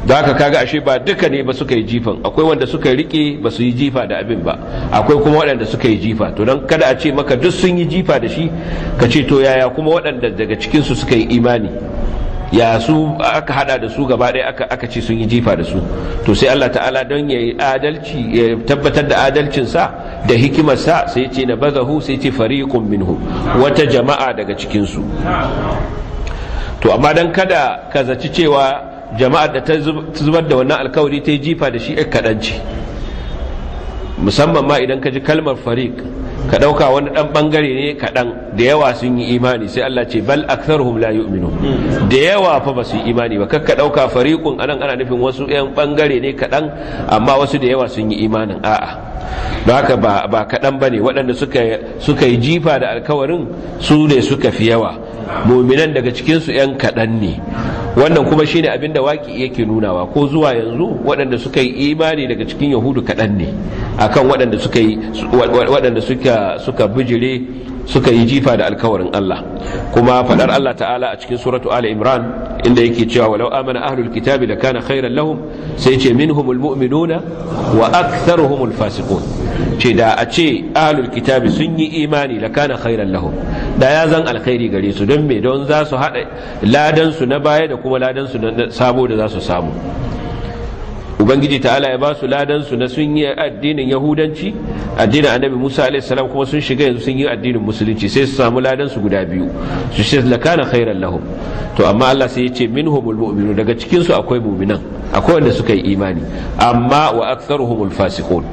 Speaker 1: da haka kaga ashe ba duka ne ba suka yi jifan akwai wanda suka rike ba su yi jifa da abin ba akwai kuma waɗanda suka yi jifa to don kada a ce maka duk sun yi jifa da shi ka ce to yaya kuma waɗanda daga cikinsu suka yi imani ya su aka hada da su gaba ɗaya aka ce sun yi jifa da su to sai Allah ta'ala don ya yi adalci ya tabbatar da adalcinsa da hikimarsa sai ce na bazahu sai ce fariqun minhu wata jama'a daga cikinsu to amma don kada ka zaci cewa jama'ar da ta zubar da wannan alkawari ta yi jifa da shi ɗan ce musamman ma idan ka ji kalmar fariq ka ɗauka wani ɗan ɓangare ne kaɗan da yawa sun yi imani sai Allah ce bal aktharuhum la yu'minu da yawa fa ba su yi imani ba kakka ɗauka fariqun anan ana nufin wasu ɗan ɓangare ne kaɗan amma wasu da yawa sun yi imani a'a don haka ba kaɗan ba ne waɗanda suka yi jifa da alkawarin su ne suka fi yawa muminan daga cikinsu 'yan kaɗan ne wannan kuma shine abin da waƙi yake nunawa ko zuwa yanzu waɗanda suka yi imani daga cikin yahudu kaɗan ne akan waɗanda suka suka bijire suka yi jifa da alkawarin Allah kuma fadar Allah ta'ala a cikin suratu Ali Imran inda yake cewa walau amana ahlul kitabi da kana khairan lahum sai ce minhumul mu'minuna wa aktharuhumul fasiqun ce da a ce ahlul kitabi sun yi imani da kana khairan lahum da ya zan alkhairi gare su don me don za su hada ladan su na baya da kuma ladan su na sabo da za su samu ubangiji ta'ala ya ba su ladan su na sun yi addinin yahudanci addinin annabi musa alaihi salam kuma sun shiga yanzu sun yi addinin musulunci sai su samu ladan su guda biyu su ce lakana khairan lahum to amma Allah sai ya ce minhumul mu'minu daga cikin su akwai mu'minan akwai wanda suka yi imani amma wa aktsaruhumul fasiqun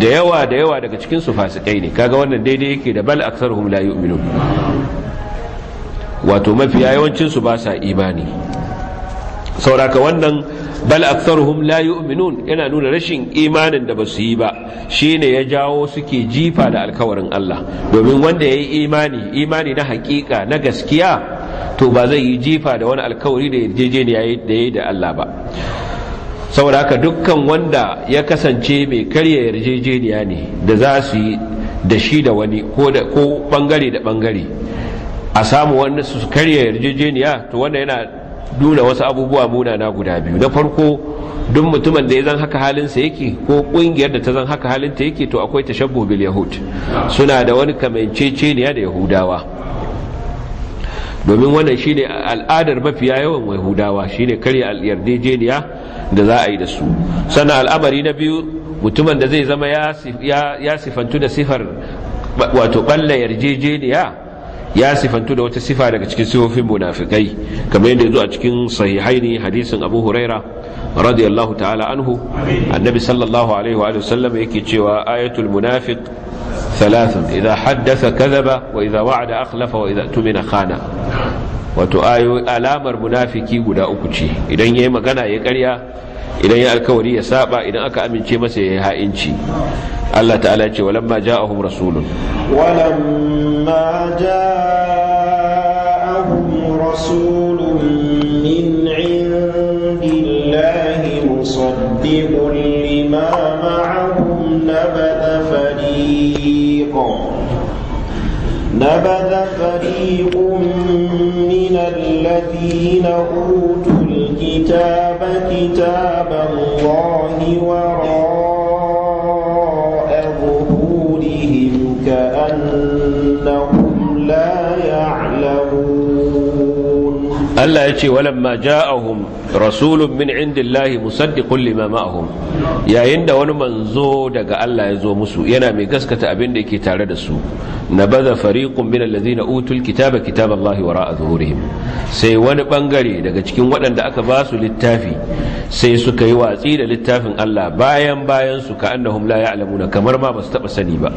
Speaker 1: da yawa da yawa daga cikin su fasikai ne kaga wannan daidai yake da bal aktsaruhum la yu'minun wato mafiya yawancin su ba sa imani sauraka wannan bal aktharuhum la yu'minun yana nuna rashin imanin da basu yi ba shine ya jawo suke jifa da alkawarin Allah domin wanda yayi imani imani na hakika na gaskiya to ba zai yi jifa da wani alkawari da yarjejeniya da yayi da Allah ba saboda haka dukkan wanda ya kasance mai karya yarjejeniya ne da za su yi da shi da wani ko bangare da bangare a samu wani su karya yarjejeniya to wanda yana duna wasu abubuwa muna na guda biyu na farko duk mutumin da ya zan haka halinsa yake ko kungiyar da ta zan haka halin halinta yake to akwai tashabbu bil yahud suna da wani kamanceceniya da yahudawa domin wannan shine al'adar mafiya yawan yahudawa shine karya yarjejeniya da za a yi da su sana al'amari na biyu mutumin da zai zama ya sifantu da sifar wato ɓalla yarjejeniya ya sifantu da wata sifa daga cikin sifofin munafikai kamar yadda zo a cikin sahihaini hadisin abu huraira radiyallahu ta'ala anhu annabi sallallahu alaihi wa sallam yake cewa ayatul munafiq thalathun idza haddatha kadhaba wa idza wa'ada akhlafa wa idza tumina khana wato ayo alamar munafiki guda uku ce idan yayi magana ya karya. idan ya alkawari ya saba idan aka amince masa ya ha'inci Allah ta'ala ce walamma ja'ahum rasulun
Speaker 2: walamma ja'ahum rasulun min indillahi musaddiqun lima ma'ahum nabada fariqun nabada fariqun min alladhina utu الكتاب كتاب الله وراء
Speaker 1: Allah ya ce walamma ja'ahum rasulun min indillahi musaddiqun lima ma'ahum yayin da wani manzo daga Allah ya zo musu yana mai gaskata abin da yake tare da su nabaza fariqun min allazina utul kitaba kitaballahi wara'a zuhurihim sai wani bangare daga cikin waɗanda aka ba su littafi sai suka yi watsi da littafin Allah bayan bayan su ka annahum la ya'lamuna kamar ma basu taba sani ba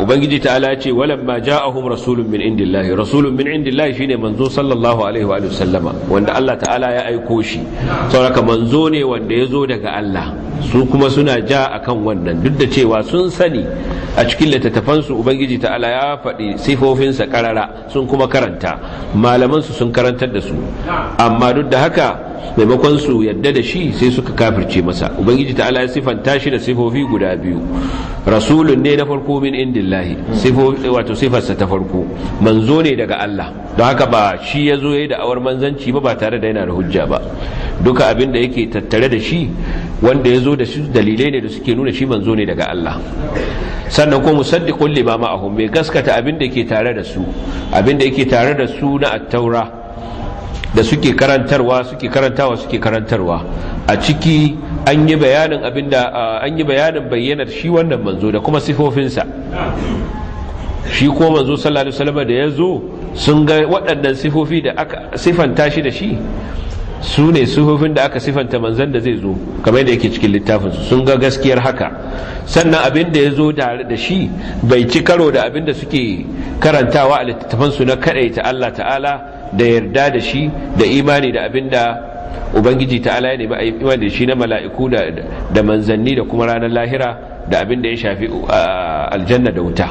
Speaker 1: ubangiji ta'ala ce walamma ja'ahum rasulun min indillahi rasulun min indillahi shine manzo sallallahu alaihi wa sallama wanda Allah ta'ala ya aiko shi sauraka manzo ne wanda ya zo daga Allah su kuma suna ja akan wannan duk da cewa sun sani a cikin littattafan su ubangiji ta'ala ya faɗi sifofin sa karara sun kuma karanta malaman su sun karantar da su amma duk da haka maimakon su yadda da shi sai suka kafirce masa ubangiji ta'ala ya sifanta shi da sifofi guda biyu rasulun ne na farko min indillahi sifofi wato sifarsa ta farko manzo ne daga Allah don haka ba shi ya zo yayi da awar manzanci ba ba tare da yana da hujja ba duka abin da yake tattare da shi wanda ya zo da su dalilai ne da suke nuna shi manzo ne daga Allah sannan kuma musaddiqul lima a mai gaskata abin da yake tare da su abin da yake tare da su na at-taura da suke karantarwa suke karantawa suke karantarwa a ciki an yi bayanin abinda an yi bayanin bayyanar shi wannan manzo da kuma sifofinsa shi ko manzo sallallahu alaihi wasallam da yazo zo sun ga waɗannan sifofi da aka sifanta shi da shi su ne sifofin da aka sifanta manzan da zai zo kamar da yake cikin littafin sun ga gaskiyar haka sannan abin da ya zo da shi bai ci karo da abin da suke karantawa a littattafansu na kadaita Allah ta'ala da yarda da shi da imani da abin da ubangiji ta'ala ya nemi a imani da shi na mala'iku da manzanni da kuma ranar lahira da abin da ya shafi aljanna da wuta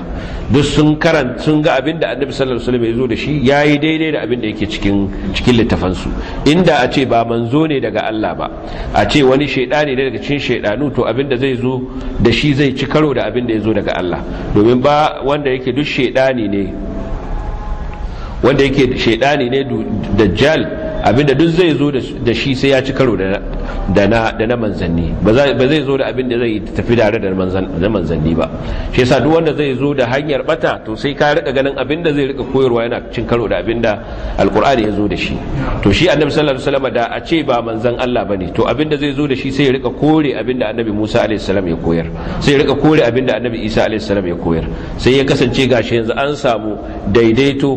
Speaker 1: duk sun karan sun ga abin da annabi sallallahu alaihi wasallam ya zo da shi yayi daidai da abin da yake cikin cikin littafan su inda a ce ba manzo ne daga Allah ba a ce wani shaydani ne daga cikin shaydanu to abin da zai zo da shi zai ci karo da abin da ya zo daga Allah domin ba wanda yake duk shaydani ne wanda yake shaidani ne dajjal abinda duk zai zo da shi sai ya ci karo da na manzanni ba zai zo da abinda zai tafi tare da manzanni ba shi yasa duk wanda zai zo da hanyar bata to sai ka rika ganin abinda zai rika koyarwa yana cin karo da abinda alkur'ani ya zo da shi to shi annabi sallallahu alaihi wasallam da a ce ba manzan Allah bane to abinda zai zo da shi sai ya rika kore abinda annabi Musa alaihi salam ya koyar sai ya rika kore abinda annabi Isa alaihi salam ya koyar sai ya kasance gashi yanzu an samu daidaito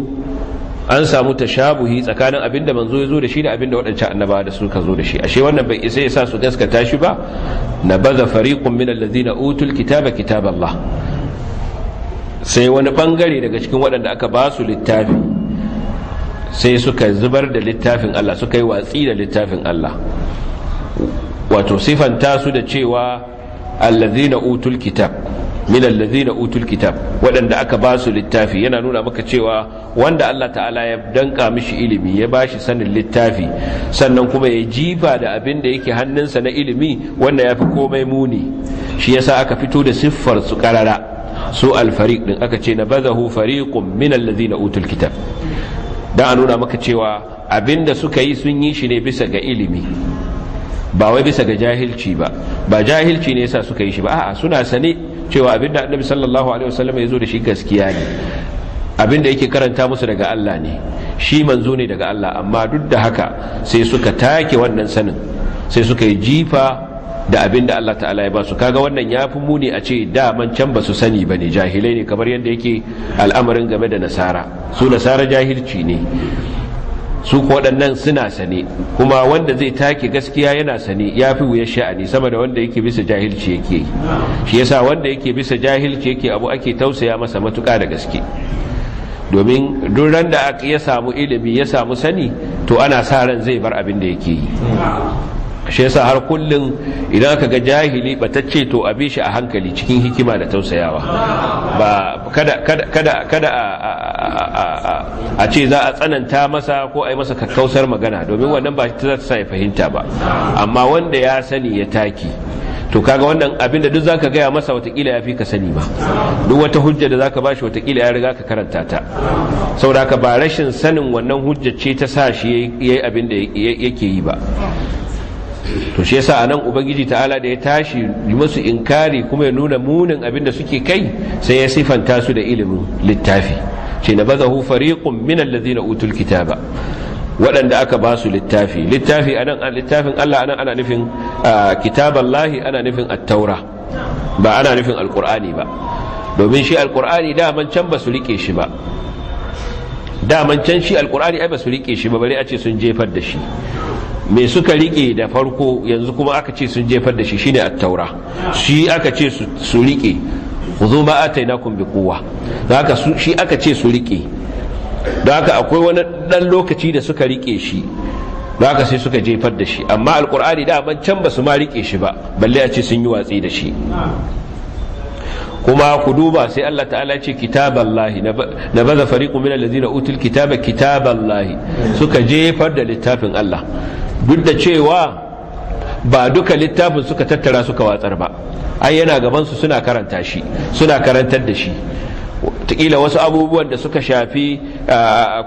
Speaker 1: an samu tashabuhi tsakanin abinda da manzo ya zo da shi da abinda wadancan annaba da suka zo da shi ashe wannan bai isa yasa su gaskata shi ba na baza fariqun min alladhina utul kitaba kitaballah sai wani bangare daga cikin waɗanda aka ba su littafi sai suka zubar da littafin Allah suka yi watsi da littafin Allah wato sifanta su da cewa alladhina utul kitab min allazina utul kitab waɗanda aka ba su littafi yana nuna maka cewa wanda Allah ta'ala ya danka mishi ilimi ya bashi sanin littafi sannan kuma ya jifa da abin da yake hannunsa na ilimi wanda ya fi komai muni shi yasa aka fito da siffar su karara su alfariq din aka ce nabazahu fariqun min allazina utul kitab dan a nuna maka cewa abinda suka yi sun yi shi ne bisa ga ilimi ba wai bisa ga jahilci ba ba jahilci ne yasa suka yi shi ba a'a suna sane cewa abin da annabi sallallahu alaihi wasallam ya zo da shi gaskiya ne abin abinda yake karanta musu daga Allah ne shi manzo ne daga Allah amma duk da haka sai suka take wannan sanin sai suka yi jifa da abin da Allah ta'ala ya ba su kaga wannan ya fi muni a ce da man can ba su sani ba ne jahilai ne kamar yadda yake al'amarin game da nasara su nasara jahilci ne su ko waɗannan suna sane kuma wanda zai take gaskiya yana sane ya fi wuyar sha'ani sama da wanda yake bisa jahilci yake shi yasa wanda yake bisa jahilci yake abu ake tausaya masa matuƙa da gaske domin duran da ya samu ilimi ya samu sani to ana sa ran zai bar abin da yake yi shi yasa har kullun idan ka ga jahili ce to a shi a hankali cikin hikima da tausayawa ba kada kada a ce za a tsananta masa ko a yi masa kakkausar magana domin wannan ba ta sa ya fahimta ba amma wanda ya sani ya taki to kaga wannan abin da duk zaka gaya masa watakila ya fi ka sani ba duk wata hujja da zaka bashi watakila ya riga ka karanta ta saboda ka ba rashin sanin wannan hujja ce ta sa shi yayi abin da yake yi ba to shi yasa anan ubangiji ta'ala da ya tashi musu inkari kuma ya nuna munin abin da suke kai sai ya sifanta su da ilimin littafi ce na bazahu fariqun min alladhina utul kitaba waɗanda aka ba su littafi littafi anan littafin Allah anan ana nufin kitaballahi ana nufin at ba ana nufin alqur'ani ba domin shi alqur'ani da man can ba su rike shi ba daman can shi alkur'ani ai ba su rike shi ba bare a ce sun jefar da shi me suka riƙe da farko yanzu kuma aka ce sun jefar da shi shine at-taura shi aka ce su rike khudhu ma atainakum bi quwwa shi aka ce su rike don haka akwai wani dan lokaci da suka rike shi don haka sai suka jefar da shi amma alkur'ani da ban can ba su ma rike shi ba balle a ce sun yi watsi da shi kuma ku duba sai Allah ta'ala ce kitaballahi na baza fariqu min allazina utul kitaba kitaballahi suka jefar da littafin Allah duk da cewa ba duka littafin suka tattara suka watsar ba ai yana gabansu suna karanta shi suna karantar da shi takila wasu abubuwan da suka shafi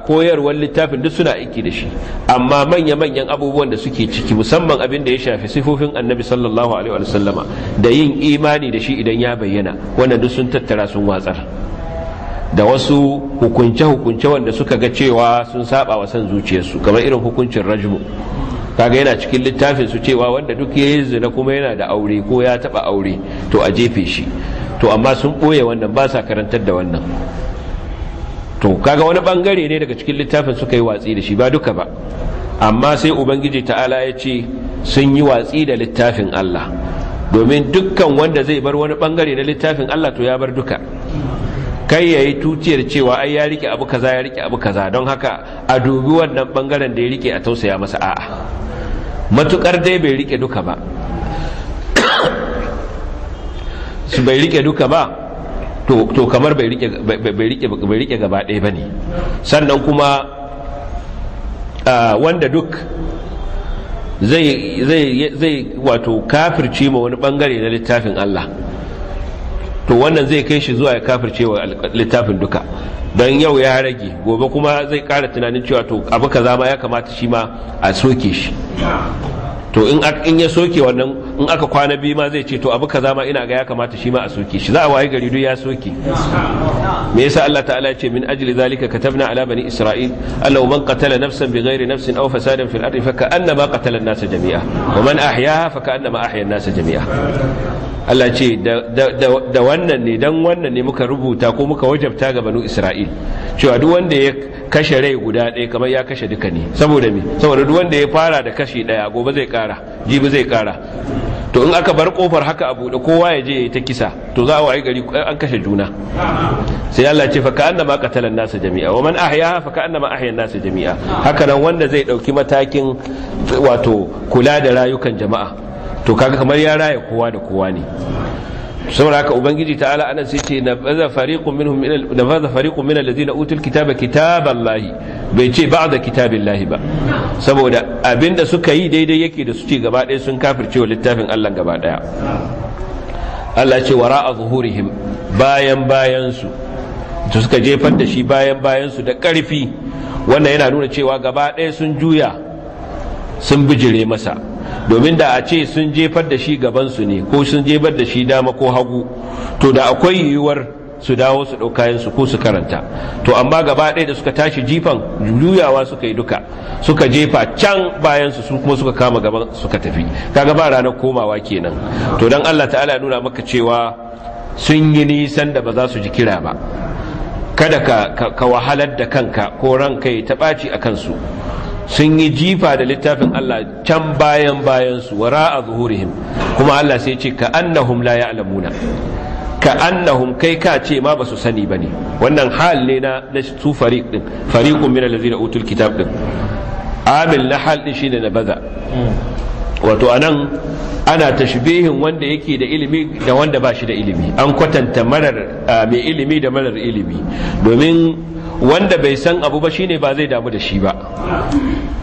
Speaker 1: koyarwar littafin duk suna aiki da shi amma manya-manyan abubuwan da suke ciki musamman abin da ya shafi sifofin annabi sallallahu alaihi wasallama da yin imani da shi idan ya bayyana wannan duk sun tattara sun watsar da wasu hukunce-hukunce wanda suka ga cewa sun saba wa san zuciyarsu kamar irin hukuncin rajmu kaga yana cikin littafin su cewa wanda duk yayi zina kuma yana da aure ko ya taba aure to a jefe shi to amma sun boye wannan ba sa karantar da wannan to kaga wani bangare ne daga cikin littafin suka yi watsi da shi ba duka ba amma sai ubangiji ta'ala ya ce sun yi watsi da littafin Allah domin dukkan wanda zai bar wani bangare na littafin Allah to ya bar duka kai yayi tuciyar cewa ai ya rike abu kaza ya rike abu kaza don haka a dubi wannan bangaren da ya rike a tausaya masa a'a matukar dai bai rike duka ba su <coughs> bai rike duka ba to kamar bai rike gaba ɗaya ba ne sannan kuma wanda duk zai wato kafirci ma wani bangare na littafin Allah to wannan zai kai shi zuwa ya kafircewa littafin duka don yau ya rage gobe kuma zai kara tunanin cewa to abu kaza ma ya kamata shi ma a soke shi to in ya soke wannan in aka kwana biyu ma zai ce to abu kaza ma ina ga ya kamata shi ma a soke shi za a waye gari duk ya soke me yasa Allah ta'ala ya ce min ajli zalika katabna ala bani isra'il allahu man qatala nafsan bighairi nafsin aw fasadan fil ardi faka'annama qatala an-nas jami'a wa man ahyaha faka'annama ahya an-nas jami'a Allah ce da wannan ne dan wannan ne muka rubuta ko muka wajabta ga banu Isra'il cewa duk wanda ya kashe rai guda ɗaya kamar ya kashe duka ne saboda me saboda duk wanda ya fara da kashi ɗaya gobe zai kara jibi zai kara to in aka bar kofar haka a buɗe kowa ya je ta kisa to za a wayi gari an kashe juna sai Allah ce fa ka annama qatalan nasa jami'a wa man ahyaha fa ka annama ahya nasa jami'a haka nan wanda zai dauki matakin wato kula da rayukan jama'a to kaga kamar ya raya kowa da kowa ne saboda haka ubangiji ta anan sai ce nabaza fariqun minhum min nabaza fariqun min alladhina utul kitaba kitaballahi bai ce ba'da kitabillahi ba saboda abinda suka yi daidai yake da su ce gaba ɗaya sun kafirce wa littafin Allah gaba ɗaya Allah ce wara'a zuhurihim bayan bayan su to suka jefar da shi bayan bayan su da ƙarfi wannan yana nuna cewa gaba ɗaya sun juya sun bijire masa domin da a ce sun jefar da shi gabansu ne ko sun jefar da shi dama ko hagu to da akwai yiwuwar su dawo su ɗau kayansu ko su karanta to amma gaba ɗaya da suka tashi jifan juyawa suka yi duka suka jefa can bayansu su kuma suka kama gaban suka tafi kaga ba ranar komawa kenan to dan Allah ta'ala nuna maka cewa sun yi nisan da ba za su ji kira ba kada ka, ka wahalar da kanka ko ranka ya taɓaci a kansu sun yi jifa da littafin Allah can bayan bayan su wara a zuhurihim kuma Allah sai ce ka annahum la ya'lamuna ka annahum kai ka ce ma ba su sani bane wannan hal ne na su fariq din fariqun min allazina utul kitab din amil na hal din shine na baza wato anan ana tashbihin wanda yake da ilimi da wanda ba shi da ilimi an kwatanta marar ah, mai ilimi da marar ilimi domin wanda bai san abu ba shine ba zai damu da shi ba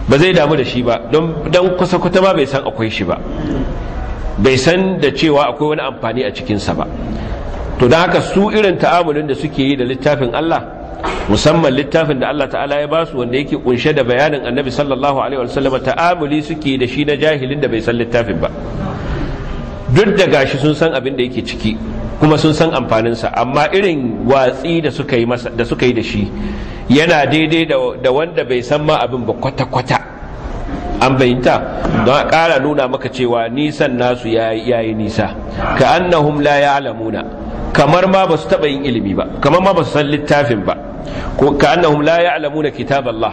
Speaker 1: ba zai damu da shi ba don kusa kuta ma bai san akwai shi ba bai san da cewa akwai wani amfani a cikinsa ba to don haka su irin ta'amulin da suke yi da littafin Allah musamman littafin da Allah ta'ala ya basu wanda yake kunshe da bayanin annabi sallallahu alaihi wasallam ta'amuli suke da shi na jahilin da bai san littafin ba duk da gashi sun san abin da yake ciki kuma sun san amfaninsa amma irin watsi da suka yi da shi yana daidai da wanda bai san ma abin ba kwata-kwata an bayyanta don a ƙara nuna maka cewa nisan nasu ya yi nisa ka annahum la ya'lamuna kamar ma ba su taɓa yin ilimi ba kamar ma ba su san littafin ba ka annahum la ya'lamuna kitab Allah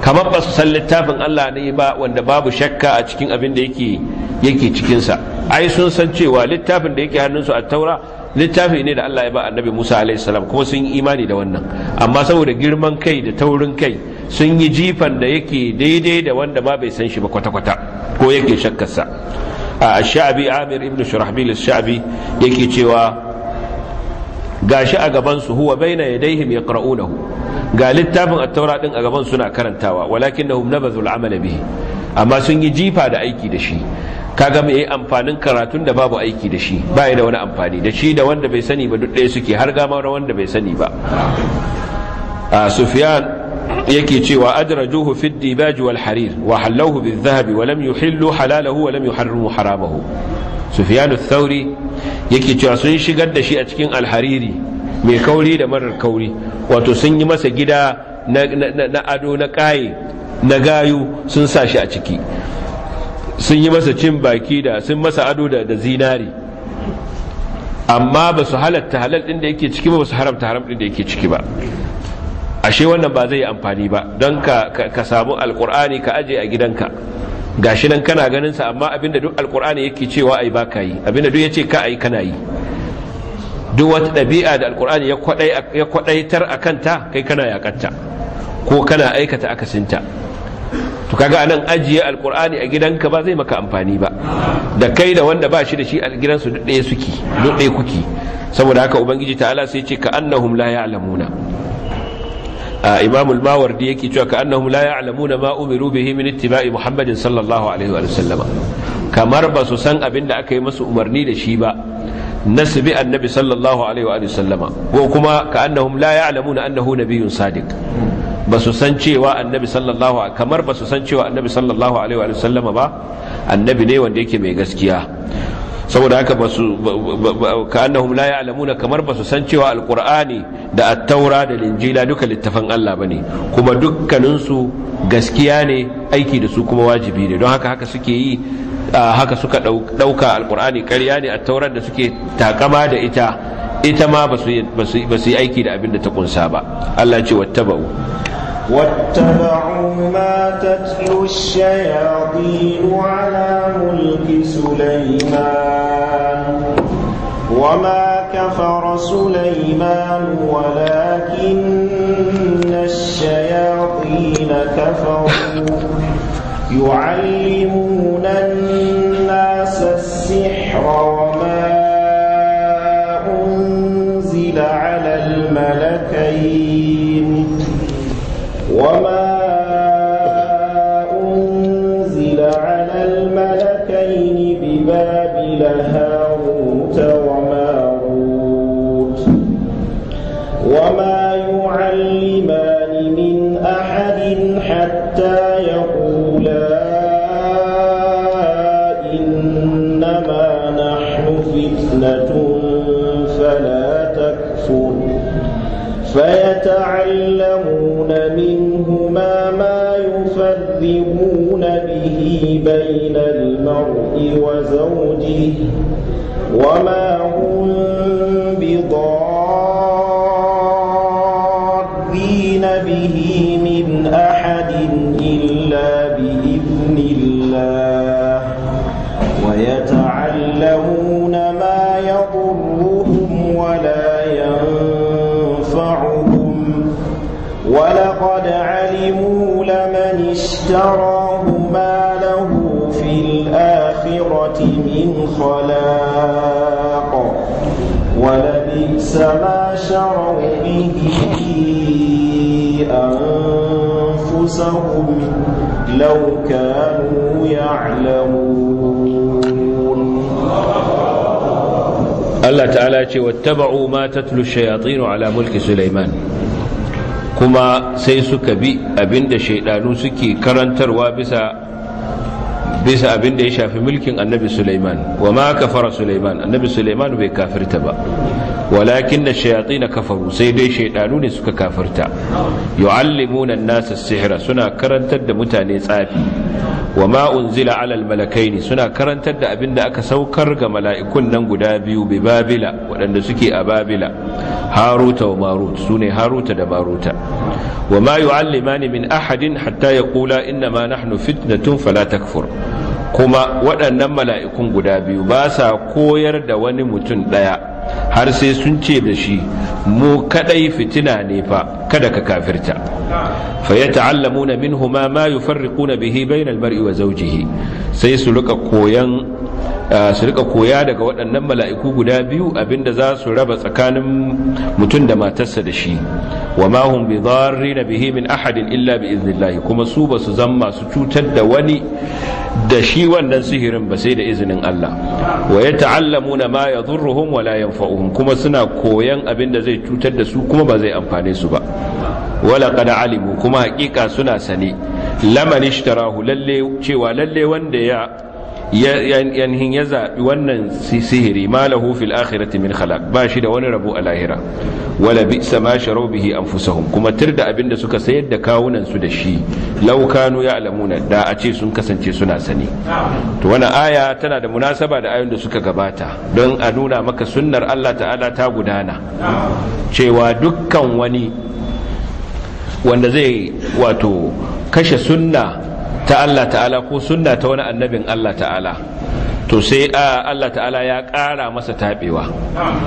Speaker 1: kamar ba su san littafin Allah ne ba wanda babu shakka a cikin abin da yake yake cikinsa ai sun san cewa littafin da yake hannunsu a taura littafi ne da Allah ya ba annabi Musa alaihi salam kuma sun yi imani da wannan amma saboda girman kai da taurin kai sun yi jifan da yake daidai da wanda ma bai san shi ba kwata-kwata ko yake shakkarsa a sha'abi amir ibn shurahbil sha'abi yake cewa gashi a gaban su huwa baina yadayhim yaqra'unahu ga littafin at-taura din a gaban suna karantawa walakinnahum nabazul amala bihi amma sun yi jifa da aiki da shi ka kaga mai amfanin karatun da babu aiki da shi ba da wani amfani da shi da wanda bai sani ba duk ɗaya suke har gama da wanda bai sani ba a sufyan yake cewa juhu fi dibaj wal harir wa halallahu bil dhahabi wa lam yuhillu halalahu wa lam yuharrimu haramahu sufyan sauri thauri yake cewa sun shigar da shi a cikin alhariri mai kauri da marar kauri wato sun yi masa gida na ado na kaye na gayu sun sa shi a ciki sun yi masa cin baki da sun masa ado da zinari amma ba su halatta halal ɗin da yake ciki ba su haramta haram din da yake ciki ba ashe wannan ba zai yi amfani ba don ka samu alkur'ani ka aje a gidanka gashi nan kana ganin sa amma abinda duk alkur'ani yake cewa ai ba ka yi abinda duk yace ka ai kana yi duk wata ɗabi'a da alkur'ani ya kwadaitar a kanta kai kana yakanta ko kana aikata akasinta to kaga anan ajiye alkur'ani a gidanka ba zai maka amfani ba da kai da wanda ba shi da shi a gidansu duk ɗaya suke duk ɗaya kuki saboda haka ubangiji ta'ala sai ce ka annahum la ya'lamuna a imam al-mawardi yake cewa ka annahum la ya'lamuna ma umiru bihi min ittiba'i muhammadin sallallahu alaihi wa sallama kamar ba su san abin da aka yi masu umarni da shi ba nasbi annabi sallallahu alaihi wa sallama ko kuma ka annahum la ya'lamuna annahu nabiyyun sadiq ba su san cewa annabi sallallahu kamar ba su san cewa annabi sallallahu alaihi wa sallama ba annabi ne wanda yake mai gaskiya saboda haka ba su ka annahum la ya'lamuna kamar ba su san cewa alqur'ani da at-taura da linjila duka littafan Allah bane kuma dukkanin su gaskiya ne aiki da su kuma wajibi ne don haka haka suke yi haka suka dauka alqur'ani ƙarya ne at-taurar da suke takama da ita ita ma ba su yi aiki da abin da ta kunsa ba Allah ce wattaba'u
Speaker 2: واتبعوا ما تتلو الشياطين على ملك سليمان وما كفر سليمان ولكن الشياطين كفروا يعلمون الناس السحر وما أنزل على الملكين وما أنزل على الملكين ببابل هاروت وماروت وما يعلمان من أحد حتى يقولا إنما نحن فتنة فلا تكفر فيتعلمون يَأْكُلُونَ مِنْهُمَا مَا يُفَرِّقُونَ بِهِ بَيْنَ الْمَرْءِ وَزَوْجِهِ وَمَا لو كانوا يعلمون
Speaker 1: الله تعالى ce wattaba'u ma tatlu shayatin ala mulki Sulaiman kuma sai suka bi abinda shaidanu suke karantarwa bisa bisa abin da ya shafi mulkin annabi Sulaiman wa ma kafara Sulaiman annabi Sulaiman bai kafirta ba walakin da shayatin kafaru sai dai shaydanu ne suka kafirta yu'allimuna an-nasa sihra suna karantar da mutane tsafi wa unzila alal ne suna karantar da abin da aka saukar ga mala'ikun nan guda biyu bi babila waɗanda suke a babila haruta wa marut su ne haruta da maruta wa ma min ahadin hatta ya kula inna ma nahnu fitnatun fala takfur kuma waɗannan mala'ikun guda biyu ba sa koyar da wani mutum ɗaya har sai sun ce da shi mu kaɗai fitina ne fa kada ka kafirta fa yata'allamuna minhuma ma yufarriquna bihi bainal mar'i wa zawjihi sai su luka koyan su rika koya daga waɗannan mala'iku guda biyu abinda za su raba tsakanin mutum da matarsa da shi wa ma hum bi dharrina bihi min ahadin illa bi idhnillah kuma su ba su zama su cutar da wani da shi wannan sihirin ba sai da izinin Allah wa yata'allamuna ma yadhurruhum wa la yanfa'uhum kuma suna koyan abinda zai cutar da su kuma ba zai amfane su ba wala qad alimu kuma hakika suna sane lamani ishtarahu lalle cewa lalle wanda ya yanhin ya zaɓi wannan sihiri ma lahu fil akhirati min khalaq ba shi da wani rabo a lahira wala bi'sa ma sharaw bihi anfusahum kuma tirda abinda suka sayar da kawunan su da shi law kanu ya'lamuna da a ce sun kasance suna sani to wannan aya tana da munasaba da ayoyin da suka gabata don a nuna maka sunnar Allah ta'ala ta gudana cewa dukkan wani wanda zai wato kashe sunna ta Allah ta'ala ko sunna ta wani annabin Allah ta'ala to sai Allah ta'ala ya ƙara masa taɓewa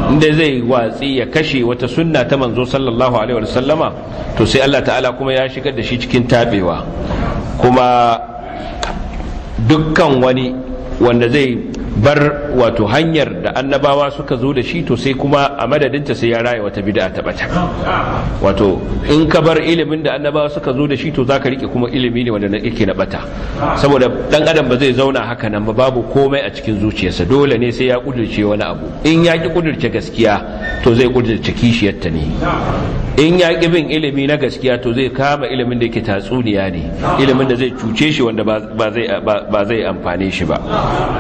Speaker 1: inda zai watsi ya kashe wata sunna ta manzo sallallahu alaihi sallama, to sai Allah ta'ala kuma ya shigar da shi cikin taɓewa kuma dukkan wani wanda zai bar wato hanyar da annabawa suka zo da shi to sai kuma a madadinta sai ya raya wata bid'a ta bata wato in ka bar ilimin da annabawa suka zo da shi to zaka rike kuma ilimi ne wanda yake na bata saboda dan adam ba zai zauna haka nan ba babu komai a cikin zuciyarsa dole ne sai ya kudirce wani abu in ya ki kudirce gaskiya to zai kudirce kishiyarta ne in ya ki bin ilimi na gaskiya to zai kama ilimin da yake tatsuniya ne ilimin da zai cuce shi wanda ba zai amfane shi ba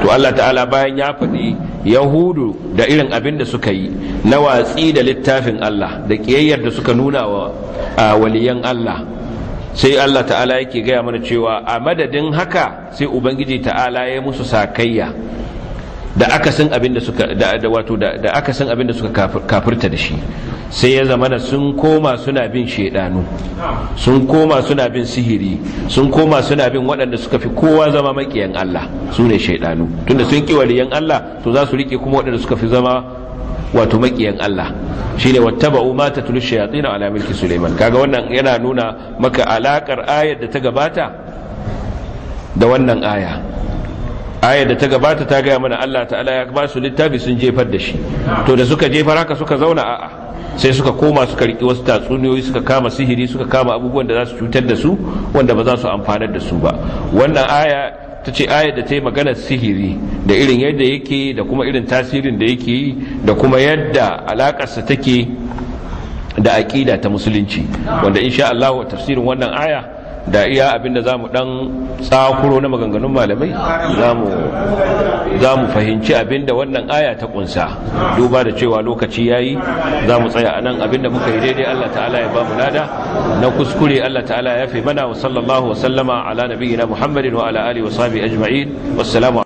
Speaker 1: to Allah ta'ala bayan ya faɗi yahudu da irin abin da suka yi na watsi da littafin Allah da ƙiyayyar da suka nuna wa waliyan Allah sai Allah ta'ala yake gaya mana cewa a madadin haka sai ubangiji ta'ala ya musu sakayya da aka san abin da suka kafirta da shi sai ya zamana sun koma suna bin shaidanu sun koma suna bin sihiri sun koma suna bin waɗanda suka fi kowa zama makiyan Allah su ne shaidanu tunda sun ki waliyan Allah to za su riƙe kuma waɗanda suka fi zama wato makiyan Allah shine wattaba'u ma tatlu shayatin ala mulki Sulaiman kaga wannan yana nuna maka alakar ayar da ta gabata da wannan aya ayar da ta gabata ta gaya mana Allah ta'ala ya ba su littafi sun jefar da shi to da suka jefar haka suka zauna a'a sai suka koma suka riƙe wasu tatsuniyoyi suka kama sihiri suka kama abubuwan da za su cutar da su wanda ba za su amfanar da su ba wannan aya ta ce aya da ta yi maganar sihiri da irin yadda yake da kuma irin tasirin da yake yi da kuma yadda alakarsa take da aƙida ta musulunci wanda insha Allah tafsirin wannan aya da iya abinda za mu ɗan tsakuro na maganganun malamai zamu mu fahimci da wannan aya ta kunsa. duba da cewa lokaci ya yi za mu tsaya a nan da muka yi daidai Allah ta'ala ya ba mu lada na kuskure Allah ta'ala ya fi mana wa sallallahu wa sallama ala nabiyina Muhammadin wa ala alihi wa sahbihi ajma'in wassalamu